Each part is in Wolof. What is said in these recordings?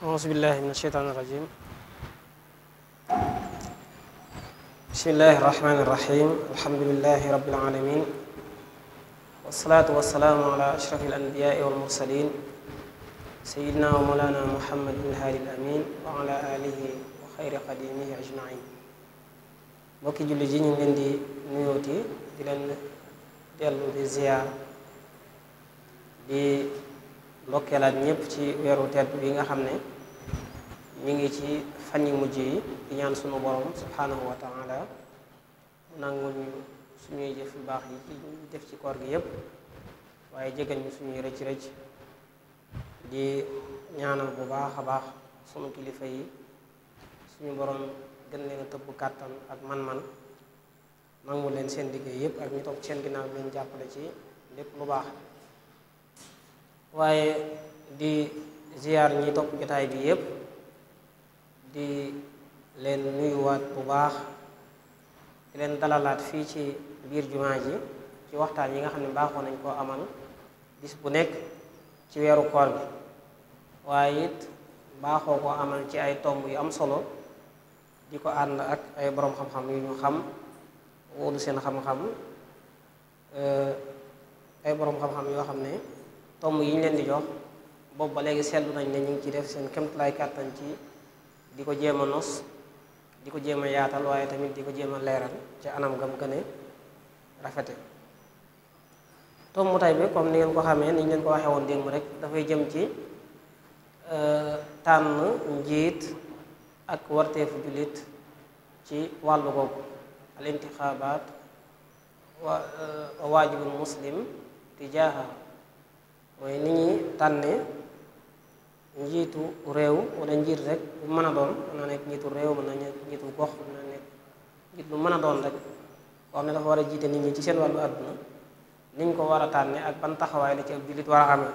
أعوذ بالله من الشيطان الرجيم بسم الله الرحمن الرحيم الحمد لله رب العالمين والصلاة والسلام على أشرف الأنبياء والمرسلين سيدنا ومولانا محمد بن هادي الأمين وعلى آله وخير قديمه أجمعين mbokki julli ji ñu ngi leen di nuyooti di leen dellu di ziyaar di ndokkeelaat ñëpp ci weeru tedd bi nga xam ne ñu ngi ci fan yu mujj yi di ñaan sunu borom subhanahu wa taala nangu ñu suñuy jëf yu baax def ci koor gi yépp waaye jégal ñu suñuy rëcc rëcc di ñaanal bu baax a baax sunu kilifa yi suñu borom gën leen a tëbb ak man-man nangu leen seen liggéey yépp ak ñu toog seen ginnaaw leen jàppale ci lépp lu baax waaye di ziyaar ñi topp jotaay bi yépp di leen nuyuwaat bu baax di leen dalalaat fii ci biir jumaa ji ci waxtaan yi nga xam ne baaxoo nañ koo amal bis bu nekk ci weeru koor bi waaye it baaxoo koo amal ci ay tomb yu am solo di ko ànd ak ay boroom xam-xam yu ñu xam wóolu seen xam-xam eh, ay boroom xam-xam yoo xam ne tomb yi ñu leen di jox boobu ba léegi seetlu nañ ne ñu ngi ciy def seen kéemtulaay kàttan ci di ko jéem a nos di ko jéem a yaatal waaye tamit di ko jéem leeral ci anam gam gën a rafete tomb tay bi comme ni ngeen ko xamee ni ñu leen ko waxee woon démb rek dafay jëm ci euh, tànn njiit ak warteefu jullit ci wàll googu al intixaabaat euh, wa waajibul muslim tijaaha mooy ni ñuy tànnee njiitu réew wala njiit rek bu mën a doon mën na nekk njiitu réew mën na nekk njiitu gox mën na nekk njiit lu mën a doon rek boo xam ne dafa war a jiite nit ñi ci seen wàllu àdduna ni ñu ko war a tànnee ak ban taxawaay la ci ab jullit war a amee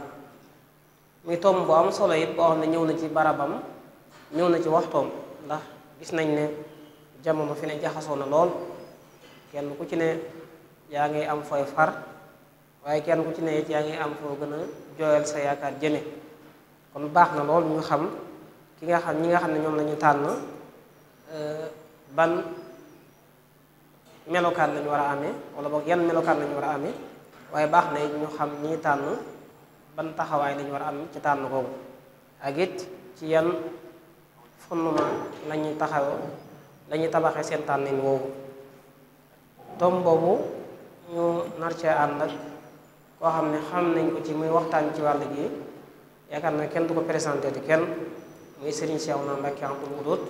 muy tomb bu am solo it boo xam ne ñëw na ci barabam ñëw na ci waxtoom ndax gis nañ ne jamono fi ne jaxasoo na lool kenn ku ci ne yaa ngi am fooy far waaye kenn ku ci ne yaa ngi am foo gën a jooyal sa yaakaar jëne kon baax na lool ñu xam ki nga xam ñi nga xam ne ñoom la ñu tànn euh, ban melokaan la war a amee wala boog yan melokaan la war a amee waaye baax na ñu xam ñi tànn ban taxawaay la war a am ci tànn googu ak it ci yan fondement la ñuy taxaw la ñuy tabaxee seen tànnin woowu tom boobu ñu nar ànd koo xam ne xam nañ ko ci muy waxtaan ci wàll gi yaakaar na kenn du ko présenté di kenn muy Serigne Cheikhouna Mbacké Abdoul Wadoud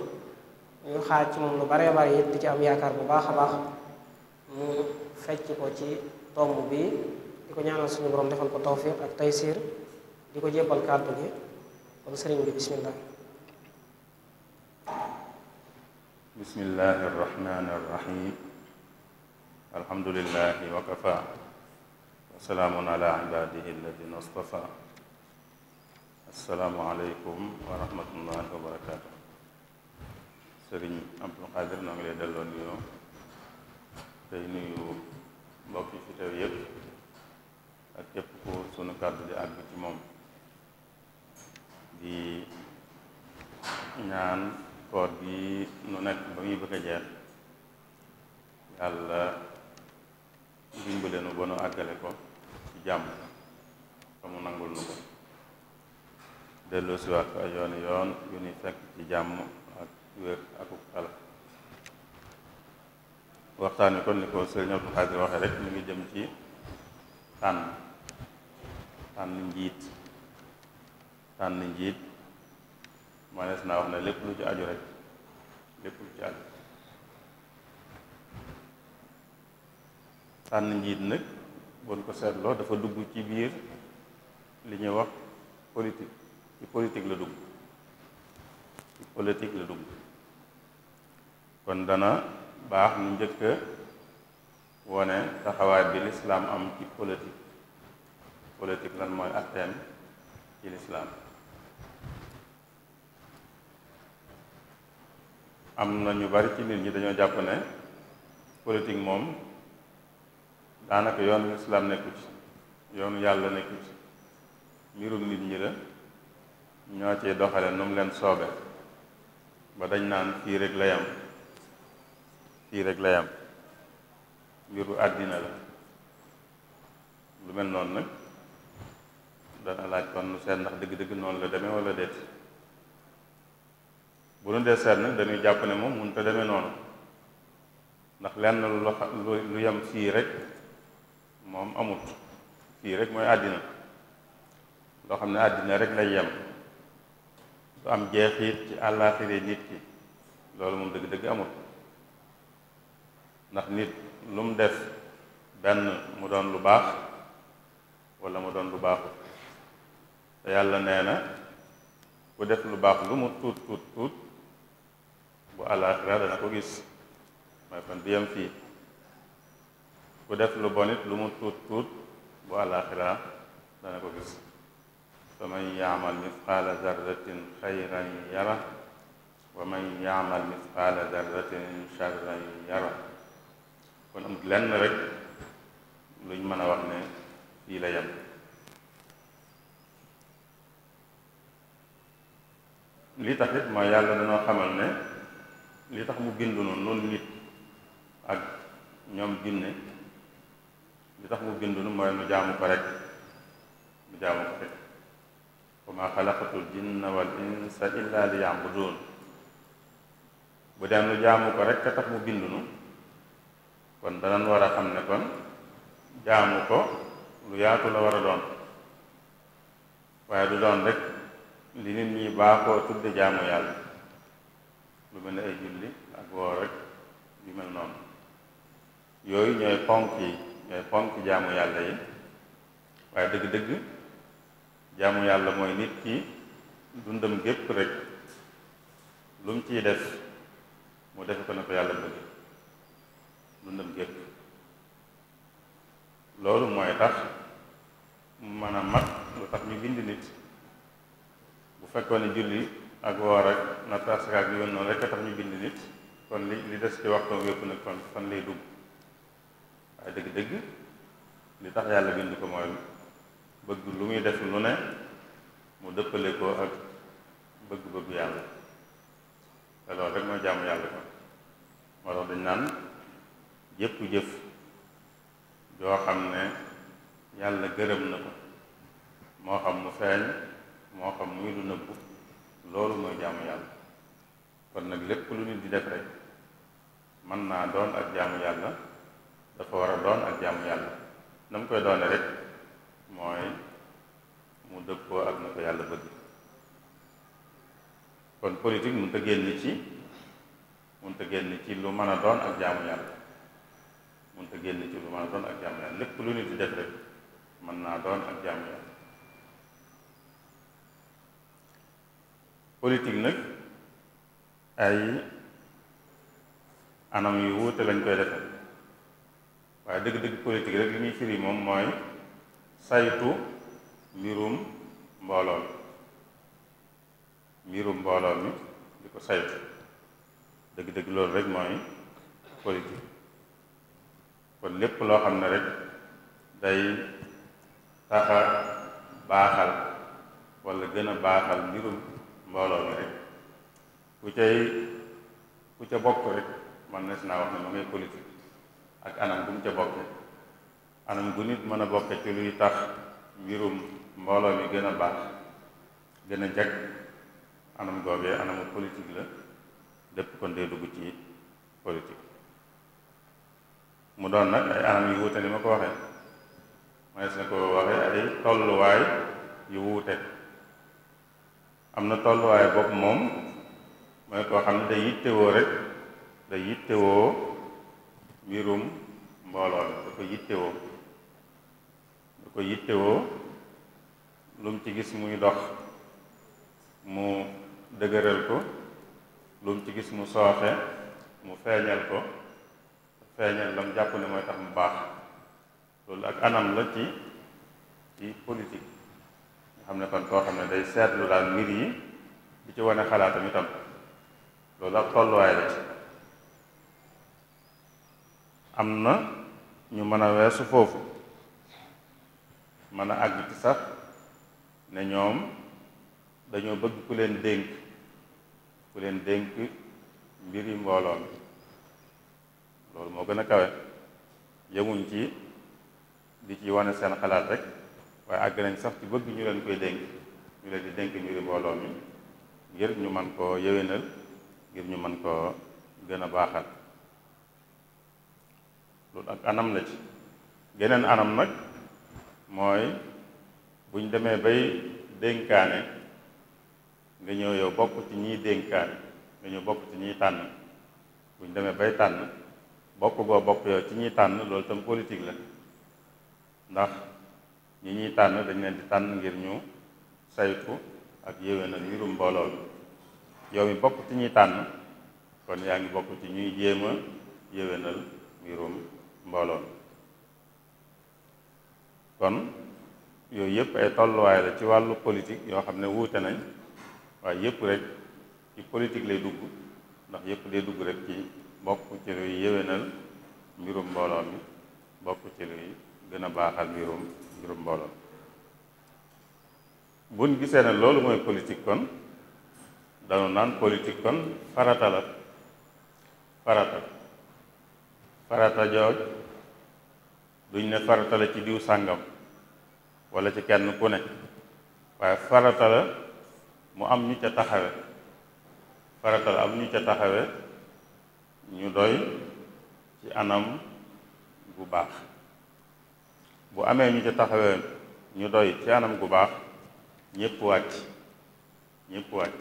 ñu xaar ci moom lu baree bare it di ci am yaakaar bu baax a baax mu fecc ko ci tomb bi di ko ñaanal suñu borom defal ko tawfiq ak taysiir di ko jébbal kàddu gi kon sëriñ bi bismillah bismillahi arrahmani arrahim alhamdulillahi wa wasalaamun ala ibadihi alladina astafa asalaamualeykum wa rahmatullahi wa barakatu sëriñ Abdul Qadir noo ngi lay delloo nuyoo tey nuyu mbokk fi teew yëpp ak képp ku sunu kàddu di àgg ci moom di ñaan koor gi nu nekk ba muy bëgg a jeex yàlla dimbale ba nu àggale ko jàmm te mu nangul nu ko delloo si ko ay yoon yu ni fekk ci jàmm ak wér akuk ala waxtaan wi kon ni ko sëriñ Abdou Khadre waxe rek mi ngi jëm ci tànn tànn njiit tànn njiit manees naa wax ne lépp lu ci aju rek lépp lu ci aju tànn njiit nag bon ko seetloo dafa dugg ci biir li ñuy wax politik ci politik la dugg ci politique la dugg kon dana baax nu njëkk a wone taxawaay bi lislaam am ci politique politique lan mooy atteem ci lislaam am na ñu bari ci nit ñi dañoo jàpp ne politique moom daanaka yoonu lislaam nekku ci yoonu yàlla nekku ci mbirum nit ñi la ñoo cee doxale nu mu leen soobee ba dañ naan fii rek la yam fii rek la yam mbiru àddina la lu mel noonu nag dana laaj kon nu seet ndax dëgg-dëgg noonu la demee wala déet bu nu dee seet nag dañuy jàpp ne moom mënut a demee noonu ndax lenn lu lu yem fii rek moom amut fii rek mooy àddina loo xam ne àddina rek lay yem du am jeexit ci àllaaxire nit ki loolu moom dëgg-dëgg amut ndax nit lu mu def benn mu doon lu baax walla mu doon lu baaxut te yàlla nee na ku def lu baax lu mu tuut tuut tuut bu àllaaxira dana ko gis mooy kon du yem fii ku def lu bonit lu mu tuut tuut bu àllaaxira dana ko gis fa man yaamal mithqaala darratin xayran yara wa man yaamal mithqaala darratin charran yara kon am lenn rek luñ mën a wax ne fii la li tax it yàlla dañoo xamal ne li tax mu bindu noonu noonu ak ñoom jinne li tax mu bindunu mooy nu jaamu ko rek nu jaamu ko rek wa maa xalaqatul jinna wal insa illa li ya'budun bu dee nu jaamu ko rek ka tax mu bindunu kon danañ war a xam ne kon jaamu ko lu yaatu la war a doon waaye du doon rek li nit ñi baaxoo tudde jaamu yàlla lu mel ne ay julli ak woor rek yu mel noonu yooyu ñooy ponk yi ñooy eh, ponk jaamu yàlla yi waaye dëgg-dëgg jaamu yàlla mooy nit ki dundam gépp rek lu mu ciy def mu defe ko ne ko yàlla bëgg dundam gépp loolu mooy tax mu mën a mat lu tax ñu bind nit bu fekkoon ne julli ak woor ak natt asaka ak yoon noonu rek a tax ñu bind nit kon li li des ci waxtu wépp nag kon fan lay dugg waaye dégg dëgg li tax yàlla bind ko mooy bëgg lu muy def lu ne mu dëppale ko ak bëgg-bëggu yàlla te loolu rek mooy jàmm yàlla ko moo dañ naan jëpp jëf joo xam ne yàlla gërëm na moo xam mu feeñ moo xam muy lu nëbbu loolu mooy jaamu yàlla kon nag lépp lu nit di def rek mën naa doon ak jaamu yàlla dafa war a doon ak jaamu yàlla na mu koy doone rek mooy mu dëppoo ak na ko yàlla bëgg kon politique mun ta génn ci mun ta génn ci lu mën a doon ak jaamu yàlla mun ta génn ci lu mën a doon ak jaamu yàlla lépp lu mën naa doon ak jaamu yàlla politique ay anam yu wuute lañ koy defe waaye dëgg-dëgg politique rek li ñuy firi moom mooy saytu mbirum mbooloo mi mbirum mbooloo mi di ko saytu dëgg-dëgg loolu rek mooy politique kon lépp loo xam ne rek day taxa baaxal wala gën a baaxal mbirum mbooloo mi rek ku cay ku ca bokk rek man na si naa wax ne ma ngay politique ak anam gu mu ca bokke anam gu nit mën a bokke ci luy tax mbirum mbooloo mi gën a baax gën a jag anam googee anamu politique la lépp kon day dugg ci politique mu doon nag ay anam yu wuute li ma ko waxee manees na ko waxee ay tolluwaay yu wuute am na tolluwaay bopp moom mooy koo xam ne day yittewoo rek day yittewoo mbirum mbooloo lu ko yittewoo da ko yittewoo lum ci gis muy dox mu dëgëral ko lum ci gis mu sooxe mu feeñal ko feeñal lam jàpp ne mooy tax mu baax loolu ak anam la ci ci politique nga xam ne kon koo xam ne day seetlu daal mbir yi di ci wane xalaatam itam loolu ak tolluwaay la am na ñu mën a weesu foofu mën a àgg ci sax ne ñoom dañoo bëgg ku leen dénk ku leen dénk mbiri mbooloo mi loolu moo gën a kawe yemuñ ci di ci wane seen xalaat rek waaye àgg nañ sax ci bëgg ñu leen koy dénk ñu leen di dénk mbiri mbooloo mi ngir ñu man koo yewenal ngir ñu man koo gën a baaxal loolu ak anam la ci geneen anam nag mooy buñ demee bay dénkaane nga ñëw yow bokk ci ñiy dénkaane nga ñëw bokk ci ñiy tànn buñ demee bay tànn bokk goo bokk yow ci ñiy tànn loolu tam politique la ndax ñi ñuy tànn dañ leen di tànn ngir ñu saytu ak yéwénal mbirum mbooloo mi yow mi bokk ci ñuy tànn kon yaa ngi bokk ci ñuy jéem a yéwénal mbirum mbooloo mi kon yooyu yëpp ay tolluwaay la ci wàllu politik yoo xam ne wuute nañ waaye yëpp rek ci politique lay dugg ndax yëpp day dugg rek ci bokku ci luy yéwénal mbirum mbooloo mi bokku ci luy gën a baaxal mbirum mbirum mbooloo buñ gisee ne loolu mooy politique kon danu naan politik kon farata la farata farata jooj duñ ne farata ci diw sàngam walla ci kenn ku ne waaye farata mu am ñu ca taxawe farata la am ñu ca taxawe ñu doy ci anam gu baax bu amee ñu ca taxawe ñu doy ci anam gu baax ñépp wàcc ñépp wàcc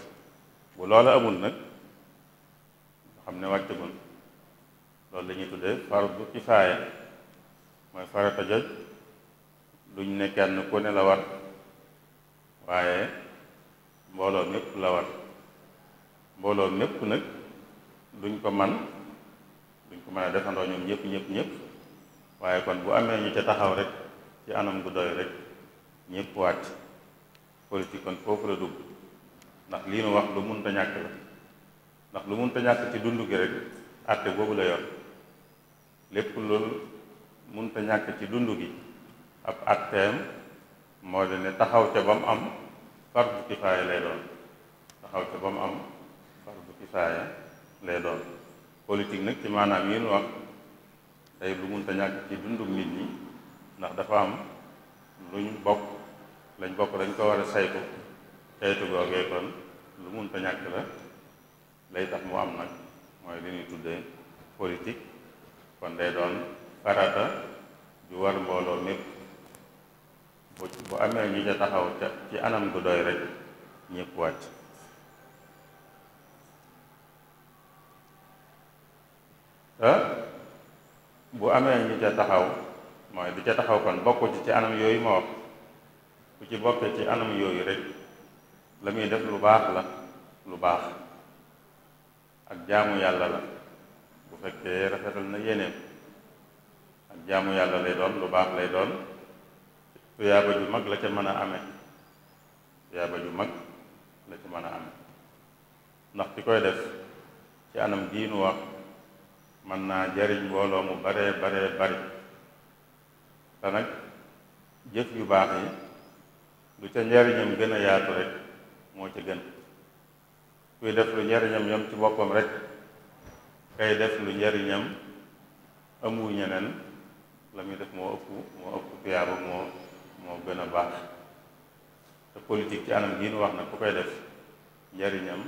bu loola amul nag xam ne wàccagul loolu la ñuy tuddee fardu kifaaya mooy farata joj duñ ne kenn ku ne la war waaye mbooloo mépp la war mbooloo népp nag duñ ko man duñ ko mën a defandoo ñoom ñëpp ñëpp ñëpp waaye kon bu amee ñu ca taxaw rek ci anam gu doy rek ñëpp wàcc politique kon foofu la dugg ndax lii nu wax lu munta ñàkk la ndax lu munta ñàkk ci dund gi rek àtte boobu la yor lépp loolu mun ta ñàkk ci dund gi ab atteem moo di ne taxaw ca ba mu am fardu kifaaya lay doon taxaw ca ba mu am bu kifaaya lay doon politique nag ci maanaam yi nu wax tey lu munta ñàkk ci dundum nit ñi ndax dafa am luñ bokk lañ bokk dañ ko war a saytu saytu googee kon lu munta ñàkk la lay tax mu am nag mooy li ñuy tuddee politik kon day doon farata ju war mbooloo mépp bu bu amee ñu ca taxaw ca ci anam gu doy rek ñépp wàcc te bu amee ñu ca taxaw mooy bi ca taxaw kon bokku ci ci anam yooyu ma wax ku ci bokkee ci anam yooyu rek la muy def lu baax la lu baax ak jaamu yàlla la bu fekkee rafetal na yéeneem ak jaamu yàlla lay doon lu baax lay doon tuyaaba ju mag la ca mën a amee tuyaaba ju mag la ca mën a amee ndax ki koy def ci anam gii nu wax mën naa jariñ mbooloo mu baree bare bari te nag jëf yu baax yi lu ca njariñam gën a yaatu rek moo ca gën kuy def lu njariñam yam ci boppam rek ay def lu njariñam amu ñeneen la muy def moo ëpp moo ëpp tuyaaba moo moo gën a baax te politique ci anam gii nu wax na ko koy def njariñam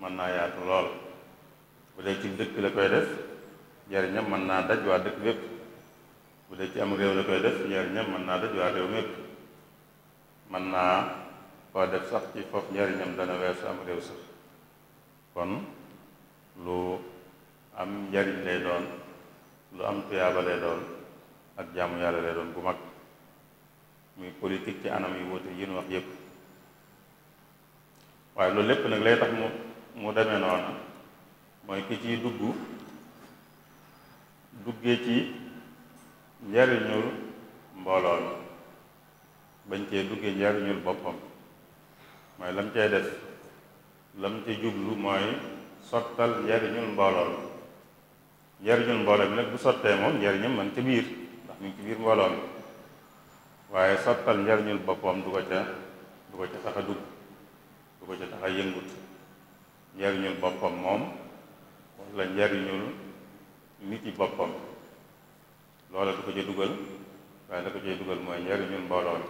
mën naa yaatu lool bu dee ci dëkk la koy def njariñam mën naa daj waa dëkk bépp bu dee ci am réew la koy def njariñam mën naa daj waa réew mépp mën naa koo def sax ci foofu njariñam dana weesu am réew sax kon lu am njariñ lay doon lu am tuyaaba lay doon ak jaamu yàlla lay doon bu mag muy politique ci anam yi woote yi nu wax yépp waaye loolu lépp nag lay tax mu mu demee noona mooy ki ci dugg dugge ci njariñul mbooloo mi bañ cee dugge njariñul boppam mooy lam cee def lam ci jublu mooy sottal njariñul mbooloo mi njariñul mbooloo mi nag bu sottee moom njariñam man ca biir mi ngi ci biir mbooloo waaye sottal njariñul boppam du ko ca du ko ca tax dugg du ko ca tax yëngut njariñul boppam moom wala njariñul nit yi boppam loola du ko ca dugal waaye la ko cay dugal mooy njariñul mbooloo mi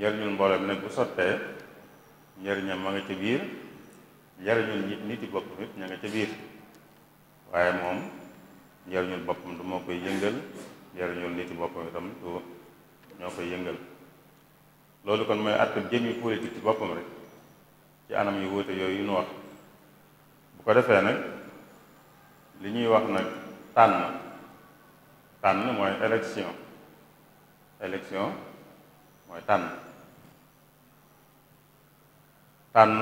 njariñul mbooloo mi nag bu sottee njariñam ma nga ca biir njariñul nit yi boppam it ña nga ca biir waaye moom njariñul boppam du moo koy yëngal jariñul nit yi boppam itam du ñoo loolu kon mooy àttam jëmmi politique ci boppam rek ci anam yu wuute yooyu nu wax bu ko defee nag li ñuy wax nag tànn tànn mooy élection élection mooy tànn tànn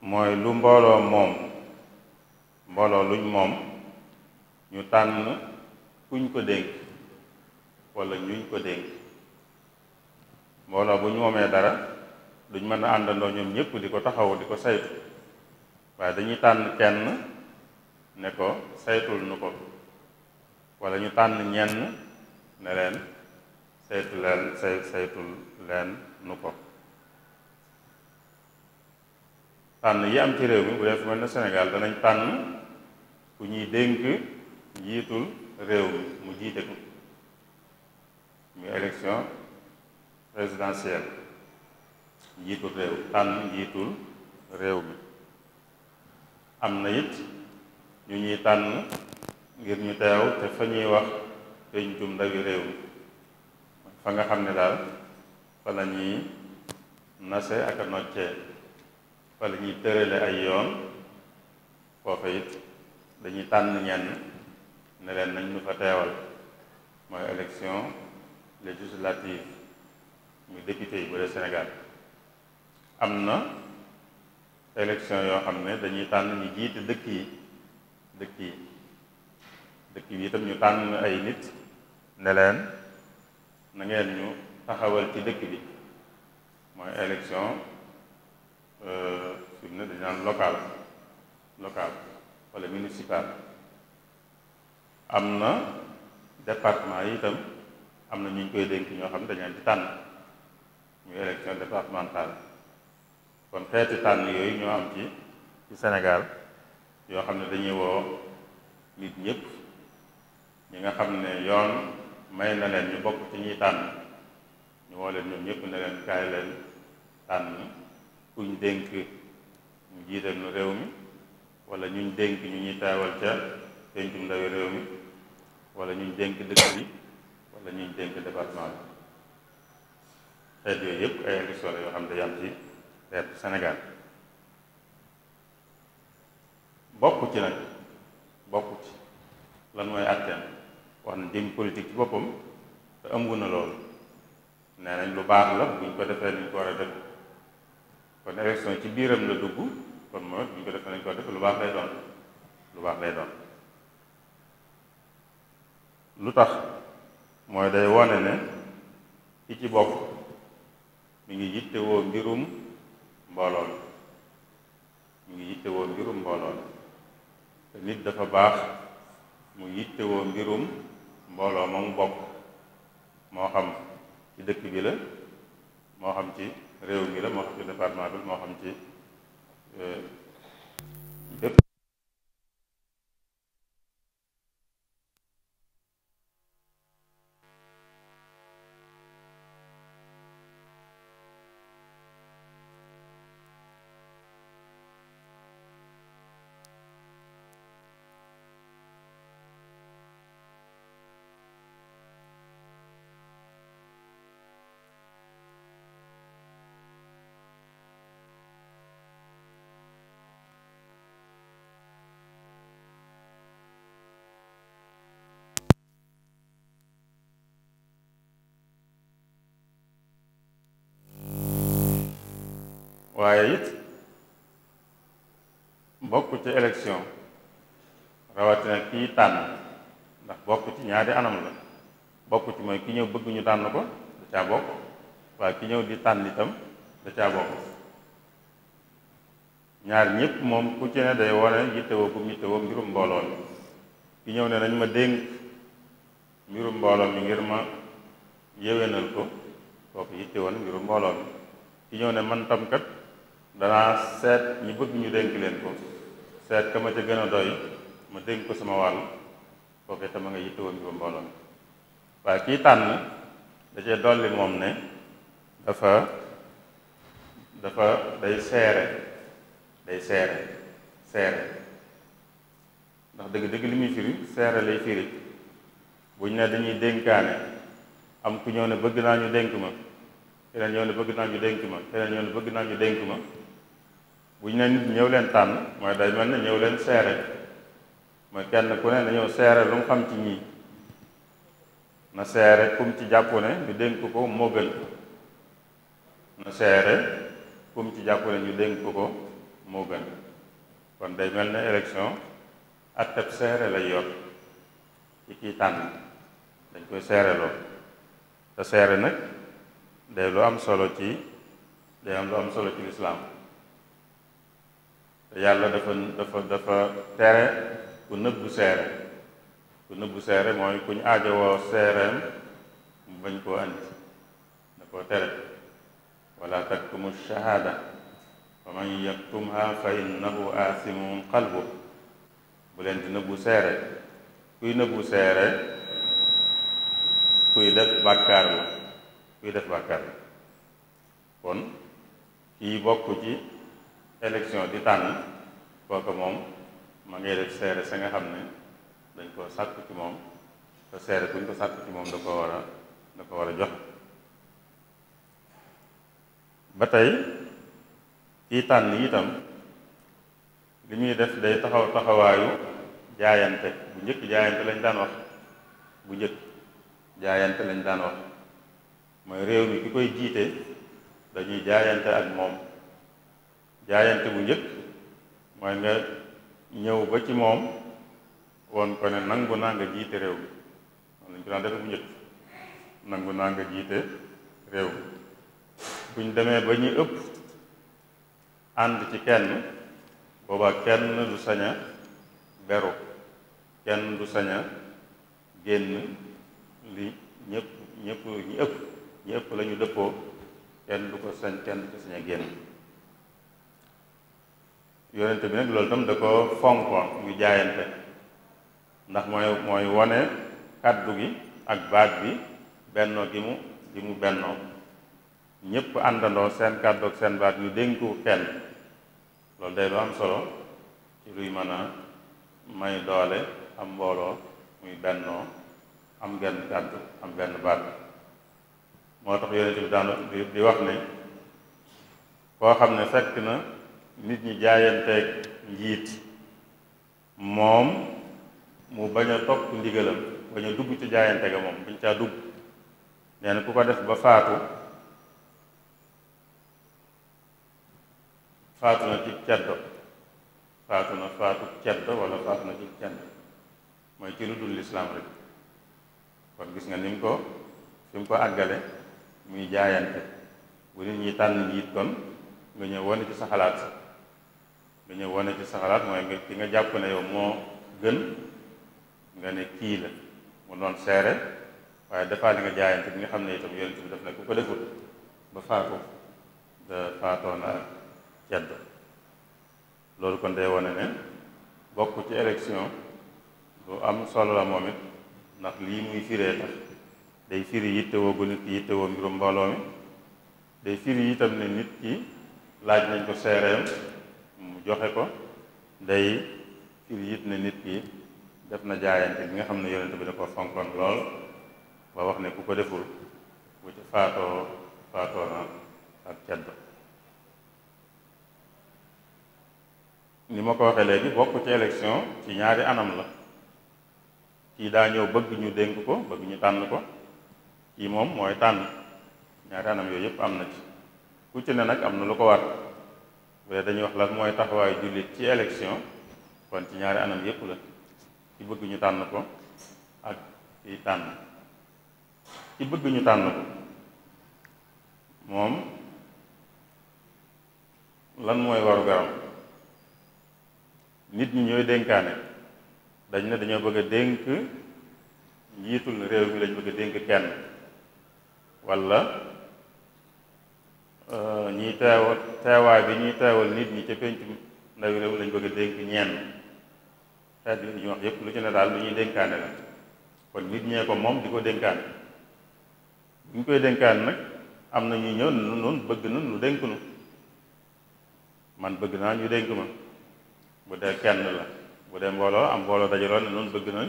mooy lu mbooloo moom mbooloo luñ moom ñu tànn kuñ ko dénk wala ñuñ ko dénk mbooloo bu ñu moomee dara duñ mën a àndandoo ñoom ñëpp di ko taxaw di ko saytu waaye dañuy tànn kenn ne ko saytul nu ko wala ñu tànn ñenn ne leen saytu leen say saytul leen nu ko tànn yi am ci réew mi bu dee fi mel ne senegal danañ tànn ku ñuy dénk njiitul réew mi mu jiite ko muy élection présidentielle njiitul réew tànn njiitul réew mi am na it ñu ñuy tànn ngir ñu teew te fa ñuy wax pencum ndawi réew mi fa nga xam ne daal fa la ñuy nase ak a noccee fa la ñuy tërale ay yoon foofa it dañuy tànn ñenn ne leen nañ ñu fa teewal mooy élection législative muy député yi bu dee Sénégal am na élection yoo xam ne dañuy tànn ñu jiite dëkk yi dëkk yi dëkk yi itam ñu tànn ay nit ne leen na ngeen ñu taxawal ci dëkk bi mooy élection euh, fi mu ne dañu naan local local wala municipal am na département yi itam am na ñu ñu koy dénk ñoo xam ne dañu di tànn muy élection départementale kon xeeti tànn yooyu ñoo am ci ci Sénégal yoo xam ne dañuy woo nit ñëpp ñi nga xam ne yoon may na leen ñu bokk ci ñuy tànn ñu woo leen ñoom ñëpp ne leen kay leen tànn kuñ dénk ñu jiital nu réew mi wala ñu dénk ñu ñuy taawal ca pencum ndawi réew mi wala ñuy dénk dëkk bi wala ñuy dénk département bi xeet yëpp ay élection la yoo xam ne day am ci reer Sénégal bokk ci nag bokk ci lan mooy àtteem wax na jëm politique ci boppam te ëmb na loolu nee nañ lu baax la buñ ko defee nañ ko war a def kon élection ci biiram la dugg kon mooy buñ ko defee nañ koo def lu baax lay doon lu baax lay doon lu tax mooy day wane ne ki ci bokk mu ngi yittewoo mbirum mbooloo mi mu ngi yittewoo mbirum mbooloo mi te nit dafa baax mu yittewoo mbirum mbooloo ma mu bokk moo xam ci dëkk bi la moo xam ci réew mi la moo xam ci département bi la moo xam ci euh, bépp waaye it bokk ci élection rawatina kii tànn ndax bokk ci ñaari anam la bokk ci mooy ki ñëw bëgguñu tànn ko da caa bokk waaye ki ñëw di tànn itam da caa bokk ñaar ñëpp moom ku ci ne day wane yittewoo bu yittewoo mbirum mbooloo mi ki ñëw ne nañ ma dénk mbirum mbooloo mi ngir ma yéwénal ko kooku yittewoon mbirum mbooloo mi ki ñëw ne man tam kat danaa seet ñu bëgg ñu dénk leen ko seet ka ma ca gën a doy ma dénk ko sama wàll kooku itam ma nga yittewoo mbirum mbooloo mi waaye kii tànn da cee dolli moom ne dafa dafa day seere day seere seere ndax dëgg-dëgg li muy firi seere lay firi buñ ne dañuy dénkaane am ku ñëw ne bëgg naa ñu dénk ma keneen ñëw ne bëgg naa ñu dénk ma keneen ñëw ne bëgg naa ñu dénk ma bu ñu ñëw leen tànn mooy day mel ne ñëw leen seere mooy kenn ku ne na ñëw seere lu mu xam ci ñii na seere kum ci jàpp ne ñu dénk ko moo gën na seere kum ci jàpp ne ñu dénk ko ko moo gën kon day mel ne élection atteb seere lay yor ci kii tànn dañ koy seere lool te seere nag day lu am solo ci day am lu am solo ci lislaam te yàlla dafa dafa dafa tere ku nëbbu seere ku nëbbu seere mooy ku ñu aajowoo seereem bañ koo andi da koo tere wala taktumu shahaada wa man yaktumha fa innahu aasimun qalbu bu leen di nëbbu seere kuy nëbbu seere kuy def bàkkaar la kuy def bàkkaar la kon kii bokk ci élection di tànn kooku moom ma ngay def seere sa nga xam ne dañ koo sàkku ci moom te seere buñ ko sàkku ci moom da ko war a da ko war a jox ba tey kii tànn itam li muy def day taxaw taxawaayu jaayante bu njëkk jaayante lañ daan wax bu njëkk jaayante lañ daan wax mooy réew mi ki koy jiite dañuy jaayante ak moom jaayante bu njëkk mooy nga ñëw ba ci moom won ko ne nangu naa nga jiite réew mi moom lañ ko daan defe bu njëkk nangu naa nga jiite réew mi buñ demee ba ñu ëpp ànd ci kenn boobaa kenn du sañ beru kenn du sañ génn li ñépp ñëpp ñi ëpp ñi ëpp la dëppoo kenn du ko sañ kenn du ko génn yonente bi nag loolu tam da ko fonkoon muy jaayante ndax mooy mooy wane kàddu gi ak baat bi bennoo gi mu gi mu bennoo ñépp àndandoo seen kàddu ak seen baat ñu dénku kenn loolu day lu am solo ci luy mën a may doole am mbooloo muy bennoo am genn kàddu am benn baat moo tax yonente bi daan di wax ne koo xam ne fekk na nit ñi jaayanteeg njiit moom mu bañ a topp ndigalam bañ a dugg ci jaayante ga moom bañ caa dugg nee na ku ko def ba faatu faatu na ci ceddo faatu na faatu ceddo wala faatu na ci ceddo mooy ci lu dul lislaam rek kon gis nga ni ko fi ko àggale muy jaayante bu nit ñi tànn njiit kon nga ñëw wane ci sa xalaat nga ñëw wane ci sa xalaat mooy nga ki nga jàpp ne yow moo gën nga ne kii la mu noon seere waaye dafa li nga jaayante bi nga xam ne itam yonent bi def na ku ko defut ba faatu da faatoon ak cedd loolu kon day wone ne bokk ci élection lu am solo la moom it ndax lii muy firee tax day firi yittewoo gu nit ki yittewoo mbirum mbooloo mi day firi itam ne nit ki laaj nañ ko seereem joxe ko day firi yit ne nit ki def na jaayante bi nga xam ne yonent bi da ko fonkoon lool ba wax ne ku ko deful bu ci faatoo faatoo na ak cedd ni ma ko waxee léegi bokk ci élection ci ñaari anam la kii daa ñëw bëgg ñu dénk ko bëgg ñu tànn ko kii moom mooy tànn ñaari anam yooyu yëpp am na ci ku ci ne nag am na lu ko war bu dee dañuy wax lan mooy taxawaayu jullit ci élection kon ci ñaari anam yépp la ci bëgg ñu tànn ko ak ci tànn ci bëgg ñu tànn ko moom lan mooy waru garam nit ñi ñooy dénkaane dañ ne dañoo bëgg a dénk njiitul réew mi lañ bëgg a dénk kenn walla Euh, ñiy teewal teewaay bi ñuy teewal nit ñi ci penc ndawi réew lañ ko a dénk ñeen xeet yi ñu wax yépp lu ci ne daal lu ñuy dénkaane la kon nit ñee ko moom di ko dénkaane bu ñu koy dénkaane nag am na ñuy ñëw nun bëgg nun lu dénk nu man bëgg naa ñu dénk ma bu dee kenn la bu dee mbooloo am mbooloo dajaloo ne nun bëgg na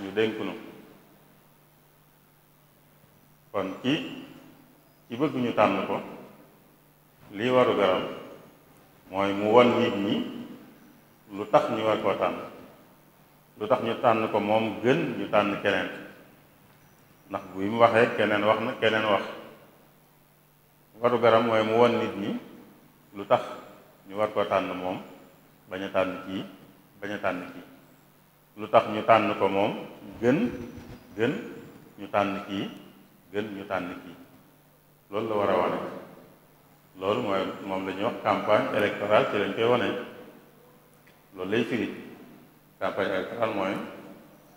ñu dénk nu kon ci ci bëgg ñu tànn ko lii waru garam mooy mu won nit ñi lu tax ñu war koo tànn lu tax ñu tànn ko moom gën ñu tànn keneen ndax bu mu waxee keneen wax na keneen wax waru garam mooy mu won nit ñi lu tax ñu war koo tànn moom bañ tànn kii bañ a tànn kii lu tax ñu tànn ko moom gën gën ñu tànn kii gën ñu tànn kii loolu la war a wane loolu mooy moom la ñuy wax campagne électorale ci lañ koy wane loolu lay firi campagne électorale mooy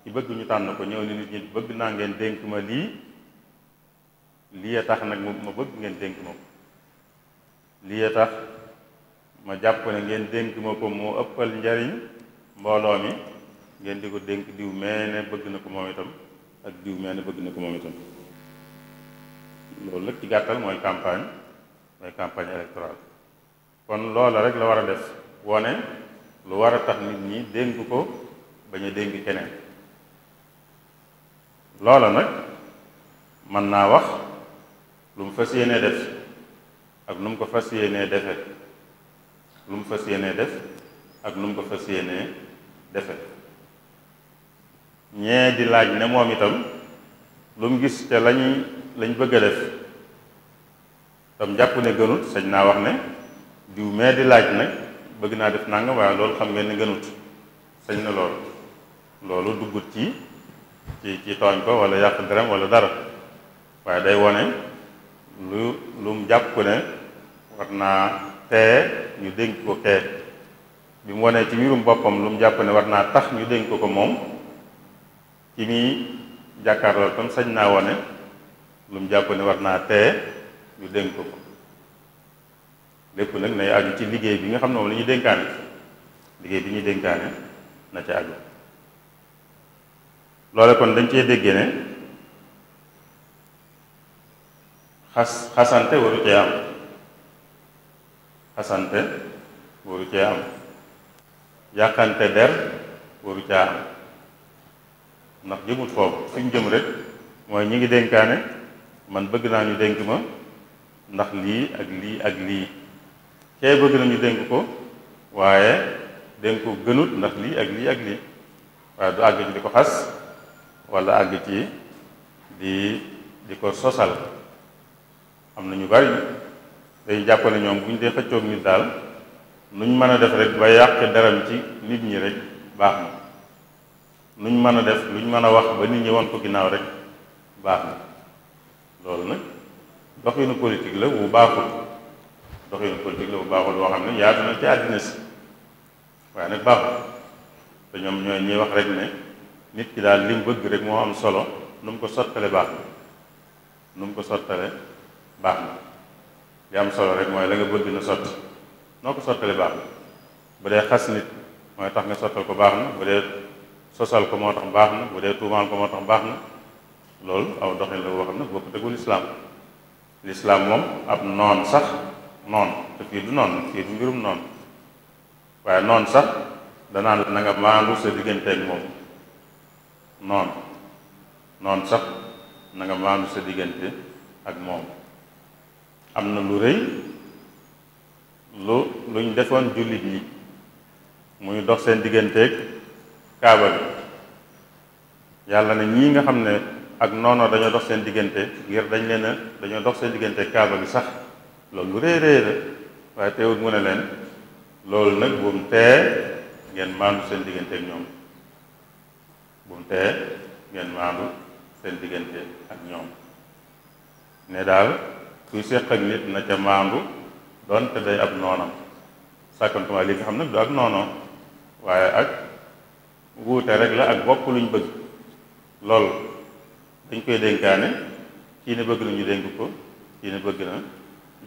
ci bëgg ñu tànn ko ñëw ni nit ñi bëgg naa ngeen dénk ma lii lii a tax nag ma bëgg ngeen dénk ma ko lii a tax ma jàpp ne ngeen dénk ma ko moo ëppal njariñ mbooloo mi ngeen di ko dénk diw mee bëgg na ko moom itam ak diw mee ne bëgg na ko moom itam loolu lépp ci gàttal mooy campagne mooy campagne électorale kon loola rek la war a def wone lu war a tax nit ñi dénk ko ba ñu dénk keneen loola nag man naa wax lu mu fas yéenee def ak nu mu ko fas yéenee defe lu mu fas yéenee def ak nu mu ko fas yéenee defe ñee di laaj ne moom itam lu gis ca lañuy lañ bëgg def tam jàpp ne gënut sañ naa wax ne diw mee di laaj nag bëgg naa def nangam waaye loolu xam ngeen ne gënut sañ na lool loolu duggut ci ci ci tooñ ko wala yàq deram wala dara waaye day wone lu lu mu jàpp ne war naa tee ñu dénk ko kee bi mu wonee ci mbirum boppam lu mu jàpp ne war naa tax ñu dénk ko ko moom ci muy jàkkaarloo tam sañ naa wone lu mu jàpp ne war naa teye ñu dénk ko lépp nag nay aju ci liggéey bi nga xam ne moom la ñuy dénkaane liggéey bi ñuy dénkaane na ca aju loole kon dañ cee dégge ne xas xasante waru cee am xasante waru cee am yàqante der waru caa am ndax jëmut foofu suñ jëm rek mooy ñi ngi dénkaane man bëgg naa ñu dénk ma ndax lii ak lii ak lii kee bëgg nañu dénk ko waaye dénk ko gënut ndax lii ak lii ak lii waaye du àgg ci di ko xas walla àgg ci di di ko sosal am na ñu bari day jàpp ne ñoom bu ñu dee xëccoog nit daal nuñ mën a def rek ba yàq daram ci nit ñi rek baax na nuñ mën a def luñ mën a wax ba nit ñi won ko ginnaaw rek baax na loolu nag doxinu politique la bu baaxul doxinu politique la bu baaxul boo xam ne yaatu na ci àddina si waaye nag baaxul te ñoom ñooy ñuy wax rek ne nit ki daal li bëgg rek moo am solo nu ko sottale baax na nu ko sottale baax na li am solo rek mooy la nga bëgg na sotti noo ko sottale baax na bu dee xas nit mooy tax nga sottal ko baax na bu dee sosal ko moo tax baax na bu dee tuumaal ko moo tax baax na loolu aw doxin la boo xam ne bokk lislaam lislaam moom ab noon sax noon te fii du noon fii du mbirum noon waaye noon sax danaa la na nga maandu sa digganteeg moom noon noon sax na nga maandu sa diggante ak moom am na lu rëy lu luñ defoon jullit ñi muy dox seen diggante kaaba bi yàlla ne ñii nga xam ne ak noonoo dañoo dox seen diggante ngir dañ leen a dañoo dox seen diggante kaaba gi sax loolu lu rëy rëy la waaye teewut mu ne leen loolu nag bu mu tee ngeen maandu seen diggante ak ñoom bu mu seen diggante ak ñoom ne daal kuy séq ak nit na ca maandu doonte day ab noonam sàkkantumaa li nga xam ne du ak noonoo waaye ak wuute rek la ak bokk luñ bëgg loolu dañ koy dénkaane kii ne bëgg na ñu dénk ko kii ne bëgg na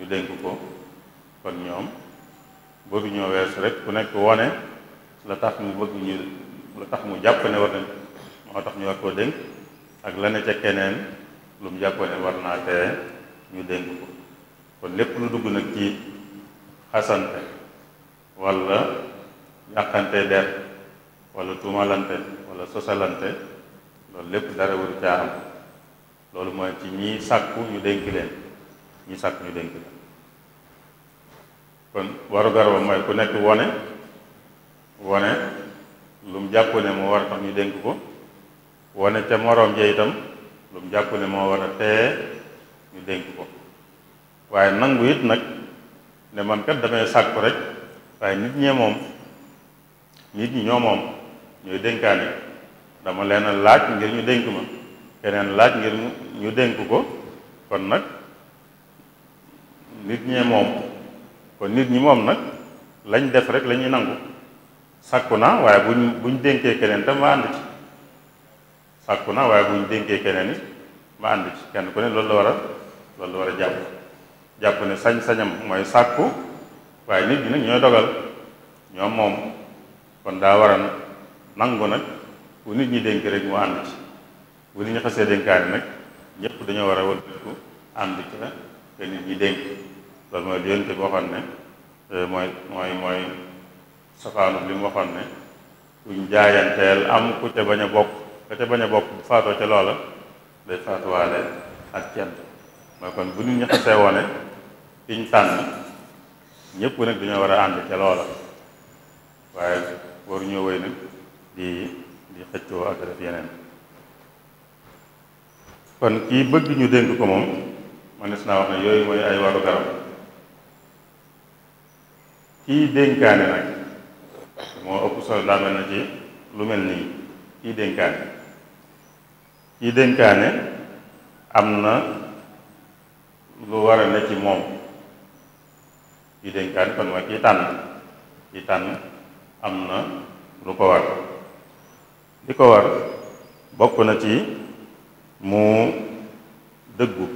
ñu dénk ko kon ñoom bëgg ñoo wees rek ku nekk wone la tax mu bëgg ñu la tax mu jàpp ne war tax ñu war koo ak la ne ca keneen lu naa tee ñu dénk ko kon lépp lu dugg nag ci xasante walla yàqante der walla tuumalante walla sosalante loolu lépp dara waru caa loolu mooy ci ñi sàkku ñu dénk leen ñi sàkku ñu dénk leen kon warugar wa mooy ku nekk wone wone lu mu jàpp ne moo war a tax ñu dénk ko wone ca moroom ja itam lu mu ne moo war a tee ñu dénk ko waaye nangu it nag ne man kat damay sàkku rek waaye nit ñee moom nit ñi ñoo moom ñooy dénkaane dama leen a laaj ngir ñu dénk ma keneen laaj ngir ñu dénk ko kon nag nit ñee moom kon nit ñi moom nag lañ def rek lañuy nangu sàkku na waaye buñ buñ dénkee keneen te ma ànd ci sàkku na waaye buñ dénkee keneen yi ma ànd ci kenn ku ne loolu la war a loolu la war a jàpp jàpp ne sañ-sañam mooy sàkku waaye nit ñi nag ñooy dogal ñoom moom kon daa war a nangu nag bu nit ñi dénk rek mu ànd ci bu nit ñi xasee dénkaane nag ñëpp dañoo war a wal ku ànd ci la te nit ñi dénk loolu mooy yonente bi waxoon ne euh, mooy mooy mooy safaanu li mu waxoon ne kuñ jaayanteel am ku bokk ka ca bañ a bokk bu faatoo ca loola day kon bu nit ñi xasee wone fiñ tànn ñëpp nag dañoo war a ànd ca loola waaye waruñoo wéy nag di di xëccoo ak def yeneen kon kii bëgg ñu dénk ko moom mënees naa wax ne yooyu mooy ay waru kii dénkaane nag moo ëpp solo daa na ci lu mel nii kii dénkaane kii dénkaane am na lu war ci moom kii dénkaane kon mooy kii tànn kii tànn am na lu ko war li ko war bokk na ci mu dëggu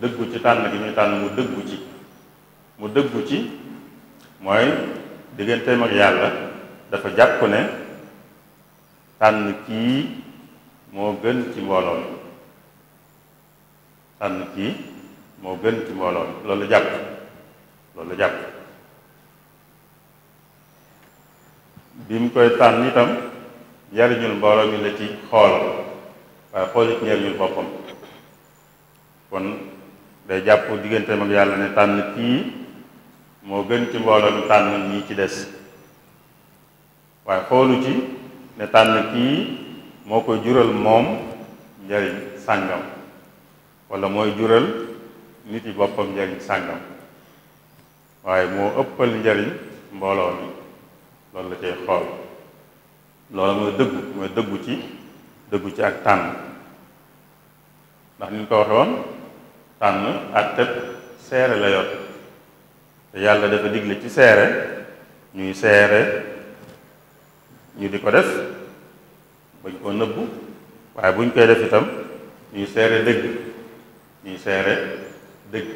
dëggu ci tànn gi ñuy tànn mu dëggu ci mu dëggu ci mooy digganteem ak yàlla dafa jàpp ne tànn kii moo gën ci mbooloo tànn kii moo gën ci mbooloo mi loolu jàpp loolu jàpp bi mu koy tànn itam jariñul mbooloo mi la ci xool waaye xoolit njariñul boppam kon day jàpp digganteem ak yàlla ne tànn kii moo gën ci mbooloo mi tànn ñii ci des waaye xoolu ci ne tànn kii moo koy jural moom njariñ sàngam wala mooy jural nit yi boppam njariñ sàngam waaye moo ëppal njariñ mbooloo mi loolu la cay xool loola mooy dëggu mooy dëggu ci dëggu ci ak tànn ndax ni ko waxe woon tànn àtteb seere la yor te yàlla dafa digle ci seere ñuy seere ñu di ko def bañ koo nëbbu waaye buñ koy def itam ñuy seere dëgg ñuy seere dëgg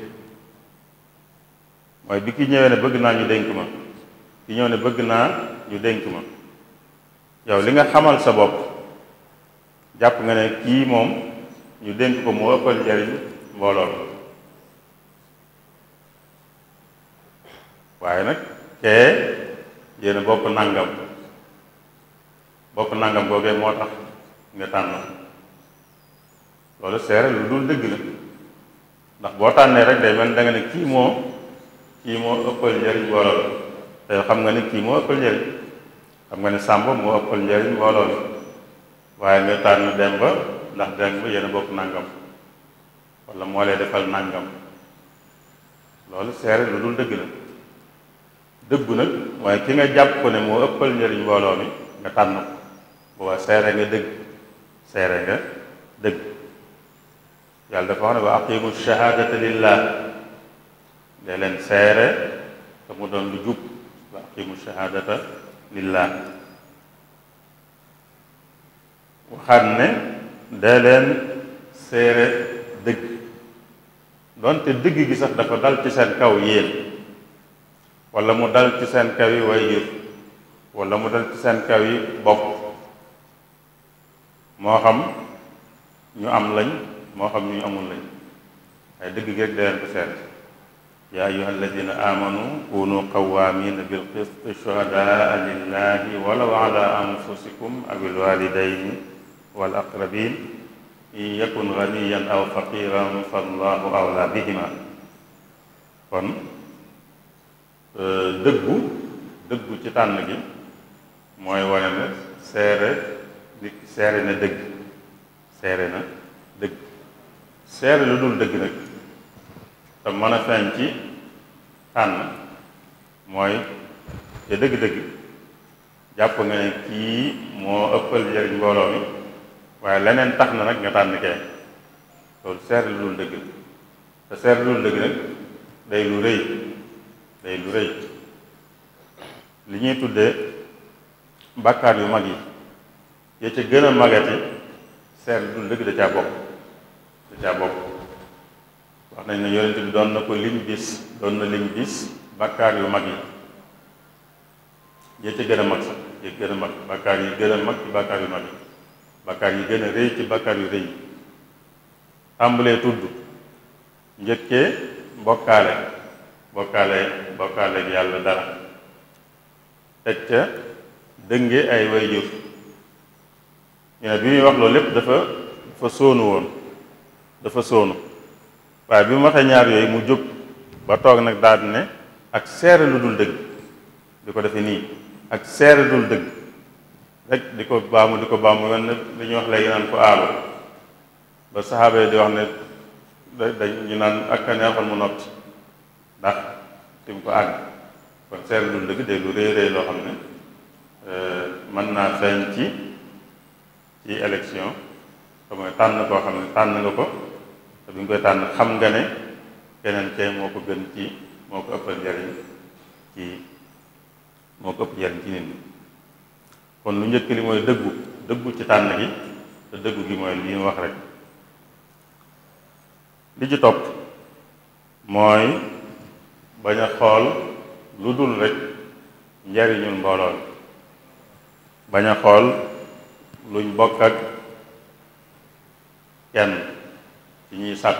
mooy bi ki ñëwee ne bëgg naa ñu dénk ma ki ñëw ne bëgg naa ñu dénk ma yow li nga xamal sa bopp jàpp nga ne kii moom ñu dénk ko moo ëppal njariñ mbooloo waaye nag kee yéen a bokk nangam bokk nangam googee moo tax nga tànn loolu seere lu dul dëgg la ndax boo tànnee rek day mel da nga ne kii moo kii moo ëppal njariñ mbooloo te xam nga ne kii moo ëppal njariñ xam nga ne Samba moo ëppal njëriñ mbooloo mi waaye nga tànn Demba ndax Demba yéen a bokk nangam wala moo lay defal nangam loolu seere lu dul dëgg la dëggu nag waaye ki nga jàpp ko ne moo ëppal njëriñ mbooloo mi nga tànn ko boobaa seere nga dëgg seere nga dëgg yàlla dafa wax ne wa aqimu shahadata lillah dee leen seere te mu doon lu jub wa aqimu shahadata lillah waxaat ne dee leen seere dëgg doonte dëgg gi sax dafa dal ci seen kaw yéen walla mu dal ci seen kaw yi waajur wala mu dal ci seen kaw yi bokk moo xam ñu am lañ moo xam ñu amul lañ waaye dëgg gi rek dee leen ko seere yaa ayuha alladina amanu kunu qawamina bilqist shuhadaa lillahi walaw ala anfusikum abil walidayni wal aqrabin in yakun ganiyan aw faqiran fallahu awla bihima kon euh, dëggu dëggu ci tànn gi mooy wane ne seere nit seere na dëgg seere na dëgg seere lu dul dëgg nag te mën a feeñ ci tànn mooy te dëgg-dëgg jàpp nga ne kii moo ëppal jëriñ mbooloo mi waaye leneen tax na nag nga tànn kee loolu seer lu dul dëgg te seer lu dul dëgg nag day lu rëy day lu rëy li ñuy tuddee bàkkaar yu mag yi ya ca gën a magati seer lu dul dëgg da caa bokk da caa bokk wax nañ ne yonent bi doon na ko lim bis doon na lim bis bàkkaar yu mag yi yee ca gën a mag sax gën a mag bàkkaar yi gën a mag ci bàkkaar yu mag yi bàkkaar yi gën a rëy ci bàkkaar yu rëy yi tàmbalee tudd njëkkee bokkaale bokkaale bokkaale yàlla dara teg ca dënge ay wayjur ñu ne bi muy wax loolu lépp dafa dafa sóonu woon dafa sóonu waaye bi mu waxee ñaar yooyu mu jóg ba toog nag daal ne ak seere lu dul dëgg di ko defee nii ak seere dul dëgg rek di ko baamu di ko baamu mu li ñuy wax léegi naan ko aalo ba saxaaba di wax ne dañu naan ak a neexoon mu noppi ndax tim ko àgg kon seere dul dëgg de lu rëy rëy loo xam ne euh, mën naa feeñ ci ci élection te tànn koo xam ne tànn nga ko te bi ñu koy tànn xam nga ne keneen kay moo ko gën ci moo ko ci moo ko ëpp njariñ ci nit ñi kon lu njëkk li mooy dëggu dëggu ci tànn gi te dëggu gi mooy li ñuy wax rek li ci topp mooy bañ a xool lu dul rekk njariñul mbooloo bañ a xool luñ bokk ak kenn ci ñuy sàkk